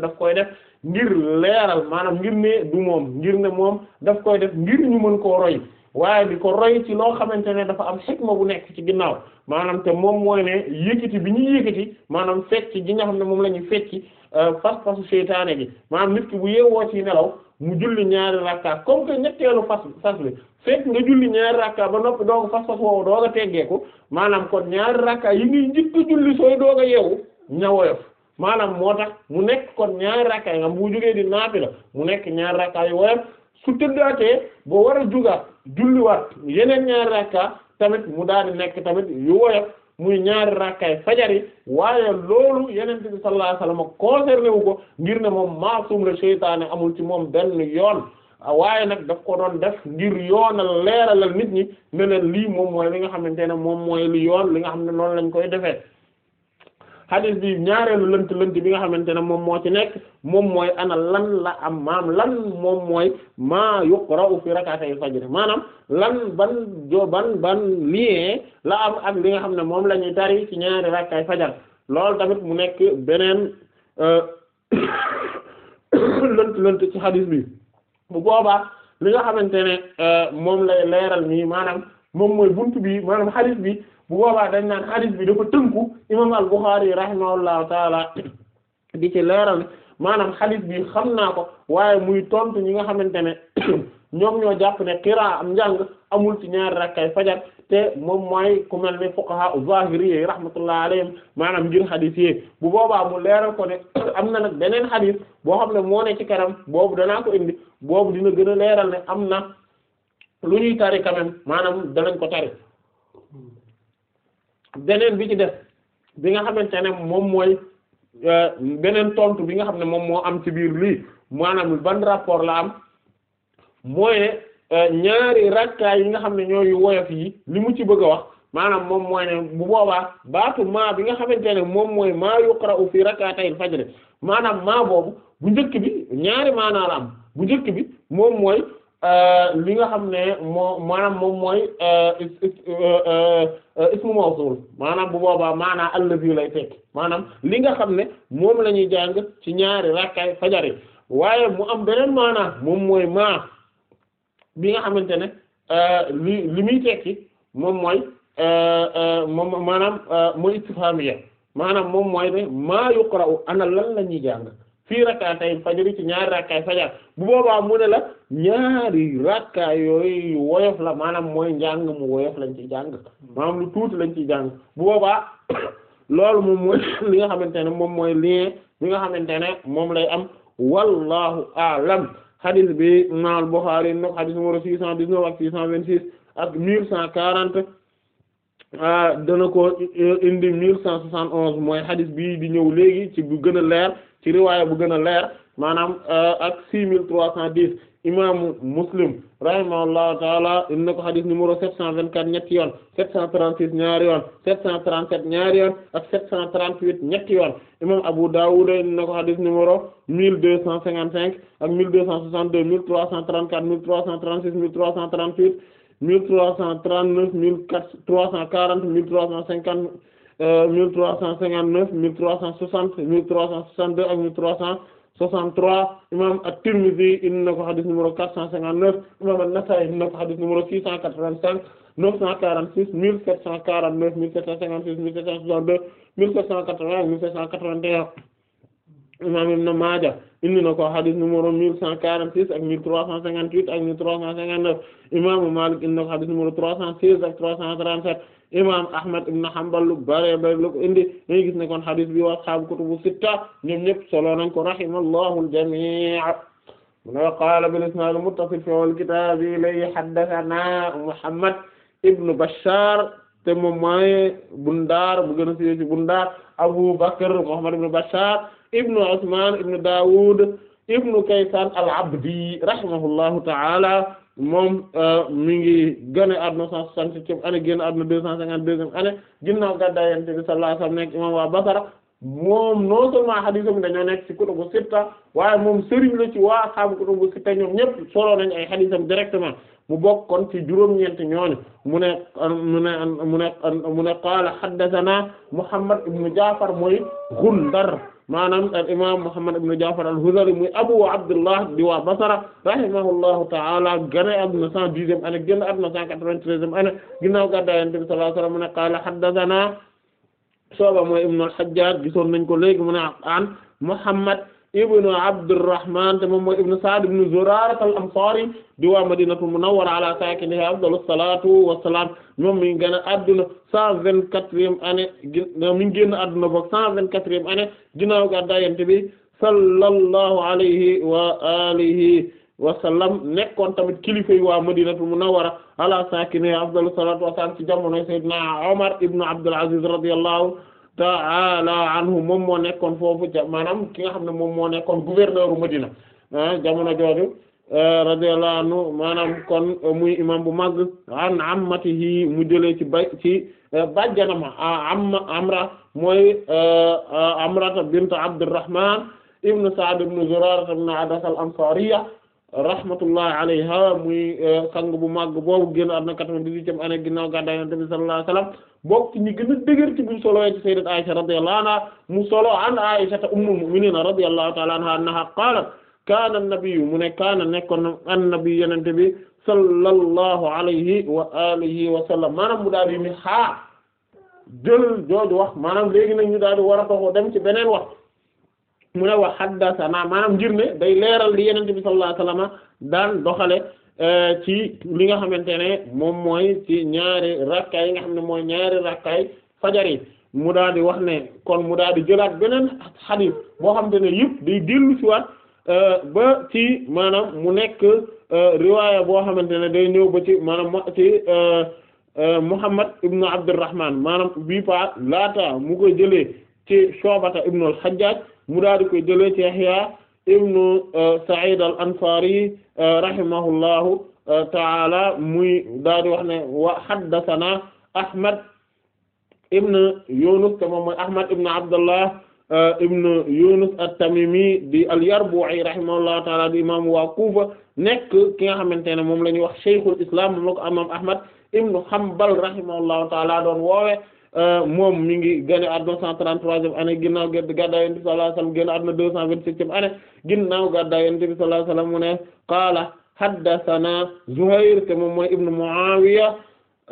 daf koy def ngir leeral maanaam ngir du moom ngir ne moom daf koy def ngir ñu mën koo roy waaye di ko roy ci loo xamante ne dafa am xikma bu nekk ci ginnaaw maanaam te moom mooy ne yëkkati bi ñu yëkkati maanaam fecc gi nga xam ne moom la ñuy fecc euh, fas fasu seytaane gi maanaam nit ki bu yeewoo ci nelaw mu julli ñaari rakka comme que ñetteelu fas fas bi fekk nga julli ñaari rakka ba noppi doog fas fas woowu doog a teggeeku maanaam kon ñaari rakka yi ngay njëkk a julli sooy doog a yeewu ñawoyof maanaam moo tax mu nekk kon ñaari rakka yi nga bu jógee di naafi la mu nekk ñaari rakka yu woyof su tëddaatee boo war a jugaat julliwaat yeneen ñaari rakka tamit mu daal di nekk tamit yu woyof muy ñaari rakkaay fajar yi waaye loolu yeneen bi sallallahu alayhi wasallam concerné wu ko ngir ne moom maasum la seytaane amul ci moom benn yoon waaye nag daf ko doon def ngir yoonal la nit ñi ne leen lii moom mooy li nga xamante ne moom mooy li yoon li nga xam ne noonu lañ koy defee xadis bi ñaareelu lënt lënt bi nga xamante ne moom moo ci nekk moom mooy ana lan la am maam lan moom mooy maa yuqra'u fi rak'atay fajr maanaam lan ban jo ban ban lien la am ak li nga xam ne moom la ñuy tari ci ñaari rakkay fajar loolu tamit mu nekk beneen euh, lënt lënt ci xadis bi bu boobaa li nga xamante ne euh, moom lay leeral nii maanaam moom mooy buntu bi maanaam xadis bi bu boobaa dañ naan hadith bi dafa tënku imam al-Bukhari rahimahullahu taala di ci leeral maanaam hadith bi xam naa ko waaye muy tontu ñi nga xamante ne ñoom ñoo jàpp ne qiraa am njàng amul ci ñaari rakkay fajar te moom mooy ku mel ni fuqaha zahiri yi rahmatullah alayhim maanaam ngir hadith yi bu boobaa mu leeral ko ne am na nag beneen hadith boo xam ne moo ne ci kanam boobu danaa ko indi boobu dina gën a leeral ne am na lu ñuy tari quand même maanaam danañ ko tari beneen bi ci def bi nga xamante ne moom mooy euh, beneen tontu bi nga xam ne moom moo am ci biir lii maanaam ban rapport la am mooy ne euh, ñaari rakkaay yi nga xam ne ñooy woyof yi li mu ci bëgg a wax maanaam moom mooy ne bu boobaa baatu maa bi nga xamante ne moom mooy maa yuqra'u fi rak'atayil fajr maanaam maa boobu bu njëkk bi ñaari maanaa la am bu njëkk bi moom mooy Euh, li nga xam ne moo maanaam moom mooy euh, euh, ismu mawsul maanaam bu boobaa maanaa allazi lay tekk maanaam li nga xam ne moom la ñuy jàng ci ñaari rakkaay fajari waaye mu am beneen maanaa moom mooy maa bi nga xamante ne li li muy tekki moom mooy moom maanaam mooy istifhamiya maanaam moom mooy ne maa yuqra'u ana lan la ñuy jàng fii rakkaatay fajri ci ñaari rakkaay fajar bu boobaa mu ne la ñaari rakkaay yooyu woyof la maanaam mooy njàng mu woyof lañ ci jàng maanaam lu tuuti lañ ci jàng bu boobaa loolu moom mooy li nga xamante ne moom mooy lien bi nga xamante ne moom lay am wallahu aalam hadith bi imaam al-Bukhari no hadith numéro six cent dix-neuf ak six cent vingt-six ak mille cent quarante ah, dana ko indi mille cent soixante-onze mooy hadith bii di ñëw léegi ci bu gën a leer ci riwaaya bu gën a leer maanaam euh, ak six mille trois cent dix imaamu Muslim rahimahullahu taala in ko xadis numéro sept cent vingt-quatre ñetti yoon sept cent trente-six ñaari yoon sept cent trente-sept ñaari yoon ak sept cent trente-huit ñetti yoon imam Abu Dawud in ko xadis numéro mille deux cent cinquante-cinq ak mille deux cent soixante-deux mille trois cent trente-quatre mille trois cent trente-six mille trois cent trente-huit mille trois cent trente Euh, mille trois cent cinquante neuf mille trois cent soixante mille trois cent soixante deux ak mille trois cent soixante trois imam at-Tirmidhi indi na ko xadis numéro quatre cent cinquante neuf imam an-Nasa'i indi na ko xadis numéro six cent quatre vingt cinq neuf cent quarante six mille sept cent quarante neuf mille sept cent cinquante six mille sept cent soixante deux mille sept cent quatre vingt mille sept cent quatre vingt et un imam Ibn Maaja indi na ko xadis numéro mille cent quarante-six ak mille trois cent cinquante-huit ak mille trois cent cinquante-neuf imaamu Maalik indi na ko xadis numéro trois cent seize ak trois cent trente-sept imam Ahmad ibn Hanbal lu bare bare lu ko indi ñu gis ne kon xadis bi wa ashaabu kutubu sitta ñoom ñëpp solo nañ ko rahimallahu al-jamii' wa qaala bil-isnaad al-muttasil fi al-kitaab ilayhi haddathanaa Muhammad ibn Bashaar te moom mooy Bundaar bu gën a siiw ci Bundaar Abu Bakr Muhammad ibn Bashar ibnu Usman ibnu Dawud ibnu Kaysan al-Abdi rahimahullahu ta'ala moom euh, mi ngi gane àdduna cent soixante-septième année génn àdduna deux cent cinquante-deuxième année ginnaaw gàddaay Yonent bi sallallahu alayhi wa sallam nekk imam waa Basra moom non seulement xadisam dañoo nekk ci kutubu sitta waaye moom sëriñ la ci waa xam kutubu sitta ñoom ñëpp solo nañ ay xadisam directement mu bokk kon ci juróom-ñeent ñooñu mu ne mu ne mu ne mu ne qaala haddathana Muhammad ibn Ja'far mooy Gundar maanaam al imam Muhammad ibn Ja'far al-Hudhali muy Abu Abdullah di wa waa Basra rahimahullahu ta'ala gane aduna cent dixième année génn aduna cent quatre-vingt-treizième année ginnaaw gàddaay Yonent bi sallallahu alayhi wasallam mu ne qaala haddathana Shu'ba mooy ibn al-Hajjaj gisoon nañ ko léegi mu ne an Muhammad ibnu Abdurrahman te moom mooy ibnu Sa'd ibnu Zurara al-Ansari di waa Madinatul Munawwara ala saakinihaa afdalu salaatu wa salaam moom mi ngi génn adduna cent vingt-quatrième année gi mi ngi génn adduna boog cent wa alihi wa sallam nekkoon tamit kilifa yi waa Madinatul Munawwara ala saakinihaa afdalu salaatu wa salaam ci jamonoy Sayyidina Umar ibnu Abdul Aziz radiyallahu ta'ala anhu moom moo nekkoon foofu maanaam ki nga xam ne moom moo nekkoon gouverneur u Madina ah, jamono jooju eh, radiyallahu anhu maanaam kon eh, muy imam bu mag an ammatihi mu jëlee ci bay ci eh, bàjjanama ah, amma amra mooy amrata bint Abdurrahman ibn Sa'd ibn Zurara ibn Adas ansariya rahmatullahi alayha muy euh, sang bu màgg boobu génn àdduna quatre-vingt-dix-huitième année ginnaaw gàddaay Yonent bi sallallahu alayhi wa sallam bokk ci ñi gën a dëgër ci buñ solowee ci sayyidat Aisha radiyallahu anha mu solo an Aisha ummul mu'minin radiyallahu ta'ala anha kaana an-nabiyyu mu ne kaana nekkoon an-nabiyyu Yonent bi sallallahu alayhi wa alihi wa sallam maanaam mu daal di mi xaar jël jooju wax maanaam léegi nag ñu daal di war a doxoo dem ci beneen wax mu ne wa haddathana maanaam ngir ne day leeral li yenente bi sallallahu alayhi wasallam daan doxale eh, ci li nga xamante ne moom mooy ci ñaari rakkaay yi nga xam ne mooy ñaari rakkaay fajar yi mu daal di wax ne kon mu daal di jëlaat beneen xadiis boo xamante ne yëpp di dellu ci waat eh, ba ci maanaam mu nekk eh, riwaaya boo xamante ne day ñëw ba ci mu maanaam ci Muhammad ibnu Abdurrahman maanaam bii pa laata mu koy jëlee ci Shubata ibnu al mu daal di koy jëlee ci Yahya ibnu uh, Sa'id al-Ansari uh, rahimahullahu uh, taala muy daal di wax ne wa haddathana Ahmad ibn Yunus te moom mooy Ahmad ibn Abdullah ibn Yunus at-Tamimi di al-Yarbu'i rahimahullahu taala di imam waa nekk ki nga xamante ne moom la ñuy wax Shaykhul Islam moom la ko imam Ahmad ibn Hanbal rahimahullahu taala doon woowe Euh, moom mi ngi génn àdduna cent trente-troisième année ginnaaw gàddaay Yonent bi sallallahu alayhi wasallam génn àdduna deux cent vingt-septième année ginnaaw gàddaay Yonent bi sallallahu alayhi wasallam mu ne qaala haddathana Zuhayr te moom mooy ibnu Muawiya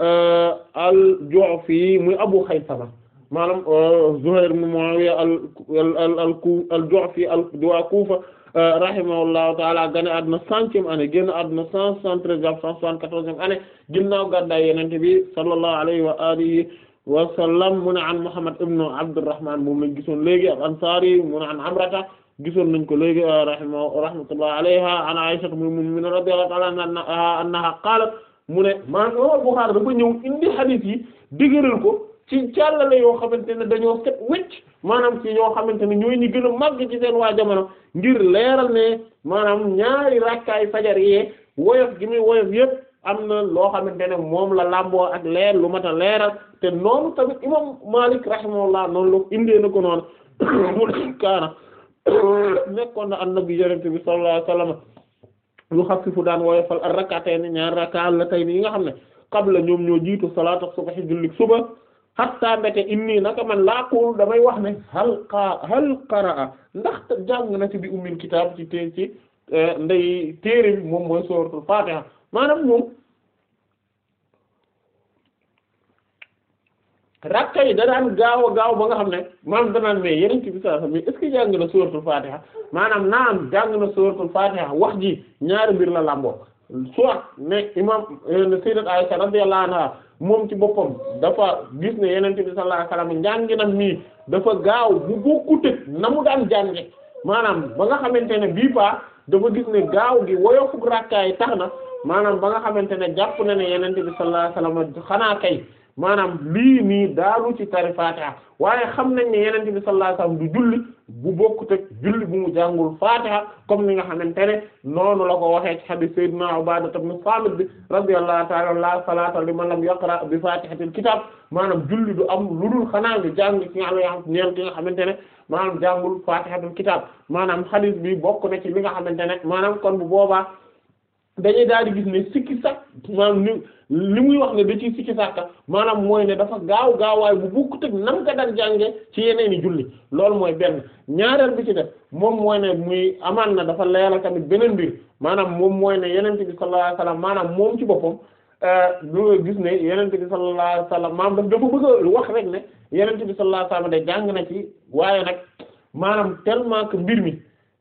euh, al-Ju'fi muy Abu Khaythama maanaam euh, Zuhayr ibn Muawiya al al al al-Ju'fi al-Du'a Kufa rahimahullahu ta'ala gane àdduna centième année génn àdduna cent soixante-treize cent soixante-quatorzième année ginnaaw gàddaay Yonent bi sallallahu alayhi wa alihi wa sallam mu ne an Muhammad ibnu Abdurrahman moom lañ gisoon léegi al Ansari mu ne an Amrata gisoon nañ ko léegi rahima rahmatullah alayha an Aisha mu mu ne radiyallahu ta'ala anha qaalat mu ne maanaam Bukhari dafa ñëw indi hadith yi dëgëral ko ci càllale yoo xamante ne dañoo set wecc maanaam ci ñoo xamante ne ñooy ñi gën a màgg ci seen waa jamono ngir leeral ne maanaam ñaari rakkaay fajar yee woyof gi muy woyof yépp am na loo xamante ne moom la làmboo ak leer lu mat a leeral te noonu tamit imam Malik rahimahullah noonu la indee na ko noonu mu kaana nekkoon na annabi yonent bi sallallahu alayhi wasallam yu xafifu daan woyofal ak rakatayni raka la tey yi nga xam ne qabla ñoom ñoo jiitu salaatu subhi jullik suba hatta mbete inni naka man laaqul damay wax ne hal qa hal qaraa jàng na ci bi ummil kitaab ci te ci eh, ndey téere bi moom mooy suratul Fatiha maanaam moom rakka yi da daan gaaw gaaw ba nga xam ne maanaam da daan mais yeneen ci bi saa mais est jàng na suratul fatiha maanaam naam jàng na suratul fatiha wax ji ñaari mbir la làmboo soit ne imam euh, sayyidat Aisha radiyallahu anha moom ci boppam dafa gis ne yeneen ci bi sallallahu alayhi wasallam njànginam mii dafa gaaw bu bokkute na mu daan jànge maanaam ba nga xamante ne bii paa dafa gis ne gaaw gi woyofug rakka yi tax na maanaam ba nga xamante ne jàpp na ne yenente bi sallallahu alayhi xanaa kay maanaam lii nii daalu ci tari fatiha waaye xam nañ ne yenente bi sallallahu alayhi wasallam du julli bu bokkut ak julli bu mu jàngul fatiha comme ni nga xamante ne noonu la ko waxee ci hadith sayyidina Ubaada ibn Saamit bi radiyallahu ta'ala la salaata liman lam yaqra bi fatihatil kitab maanaam julli du am lu dul xanaa nga jàng ci nga xam ne ñeen ki nga xamante ne maanaam jàngul maanaam hadith bi bokk na ci li nga xamante ne maanaam kon bu boobaa dañuy daal di gis ne sikki sàkk maanaam li muy wax ne da ci sikki sàkka maanaam mooy ne dafa gaaw gaawaay bu bukk tëg nam ka daan jànge ci yeneen i julli loolu mooy benn ñaareel bi ci def moom mooy ne muy amaan na dafa leeral tamit beneen mbir maanaam moom mooy ne yenente bi sallallahu alayhi wasallam maanaam moom ci boppam lu euh, gis ne yenente bi sallallahu alayhi maam maanaam daf dafa bëgg a wax rek ne yenente bi sallallahu alayhi wasallam de jàng na ci waaye nag maanaam tellement mbir mi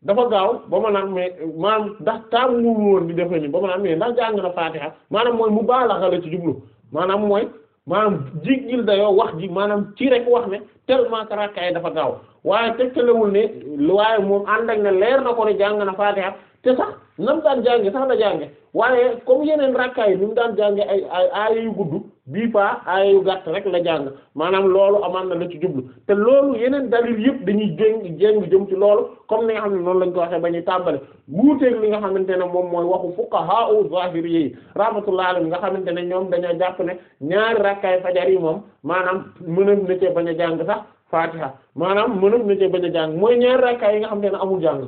dafa gaaw ba ma naan mais maanaam ndax taamu wu mu woon di defee nii ba ma naan mais ndax jàng na faatiha maanaam mooy mu baalaxa la ci jublu maanaam mooy maam jiggil dayoo wax ji maanaam ci rek wax ne tellement que rakkaay dafa gaaw waaye tegtalewul ne lu waaye moom ànd ak ne leer na ko ne jàng na faatiha te sax nam daan jànge sax la jànge waaye comme yeneen rakkaay ni mu daan jànge ay ay aaya yu gudd. bii paa aaya gàtt rek la jàng maanaam loolu amaan na la ci jublu te loolu yeneen dalil yëpp dañuy jéng jéng jëm ci loolu comme ni nga xam ne noonu lañ ko waxee ba ñuy tàmbale wuuteeg li nga xamante ne moom mooy waxu fuqaha u zahiri yi rahmatullah alayhi nga xamante ne ñoom dañoo jàpp ne ñaari rakkaay fajar yi moom maanaam mën na cee bañ a jàng sax fatiha maanaam mënam na cee bañ a jàng mooy ñaari rakkaay yi nga xamante ne amul jàng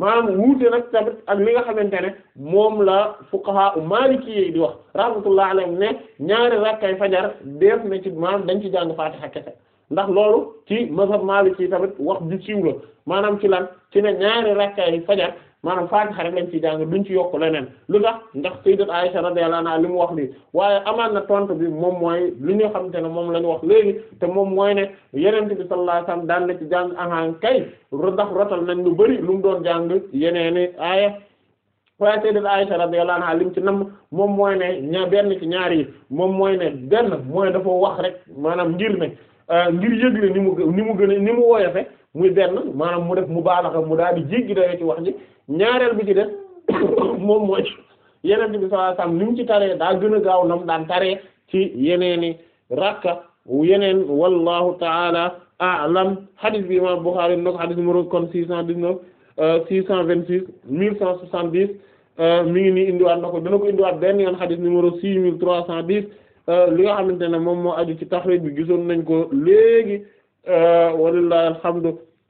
maanaam wuute nag tamit ak li nga xamante ne moom la fuqaha maali maliki yi di wax rahmatullah alayhim ne ñaari rakkay fajar def na ci maam dañ ci jàng faatiha kese ndax loolu ci mazhab maliki ci tamit wax ju siiw la maanaam ci lan ci ne ñaari rakkay fajar maanaam Faatiha rek lañ ciy jàng duñ ci yokk leneen lu tax ndax sayyidat Aisha radiyallahu anha li mu wax lii waaye amaan na tontu bi moom mooy li ñu te ne moom la wax léegi te moom mooy ne yenente bi sallallahu alayhi wasallam daan na ci jàng ahaan kay ndax rotal nañ lu bari lu mu doon jàng yeneeni aaya waaye sayyidat Aisha radiyallahu anha lim ci nam moom mooy ne benn ci ñaar yi moom mooy ne benn mooy dafa wax rek maanaam ngir ne euh, ngir yëgle ni mu ni mu gën ni mu woyofe muy benn maanaam mu def mu baalaxa mu daal di jéggi dayoo ci wax ji ñaareel bi ci def moom mooy yeneen bi sallallahu alayhi wasallam mu ci taree daa gën a gaaw nam daan taree ci yeneeni rakka yeneen wallahu taala a'lam hadith bi imam Bukhari nag hadith numéro kon six cent dix-neuf euh, six cent vingt-six mille cent soixante-dix euh, mi ngi nii indiwaat na ko dana ko indiwaat benn yoon hadith numéro six mille trois cent dix euh, li nga xamante ne moom moo aju ci tax taxrij bi gisoon nañ ko léegi walillahi alhamdu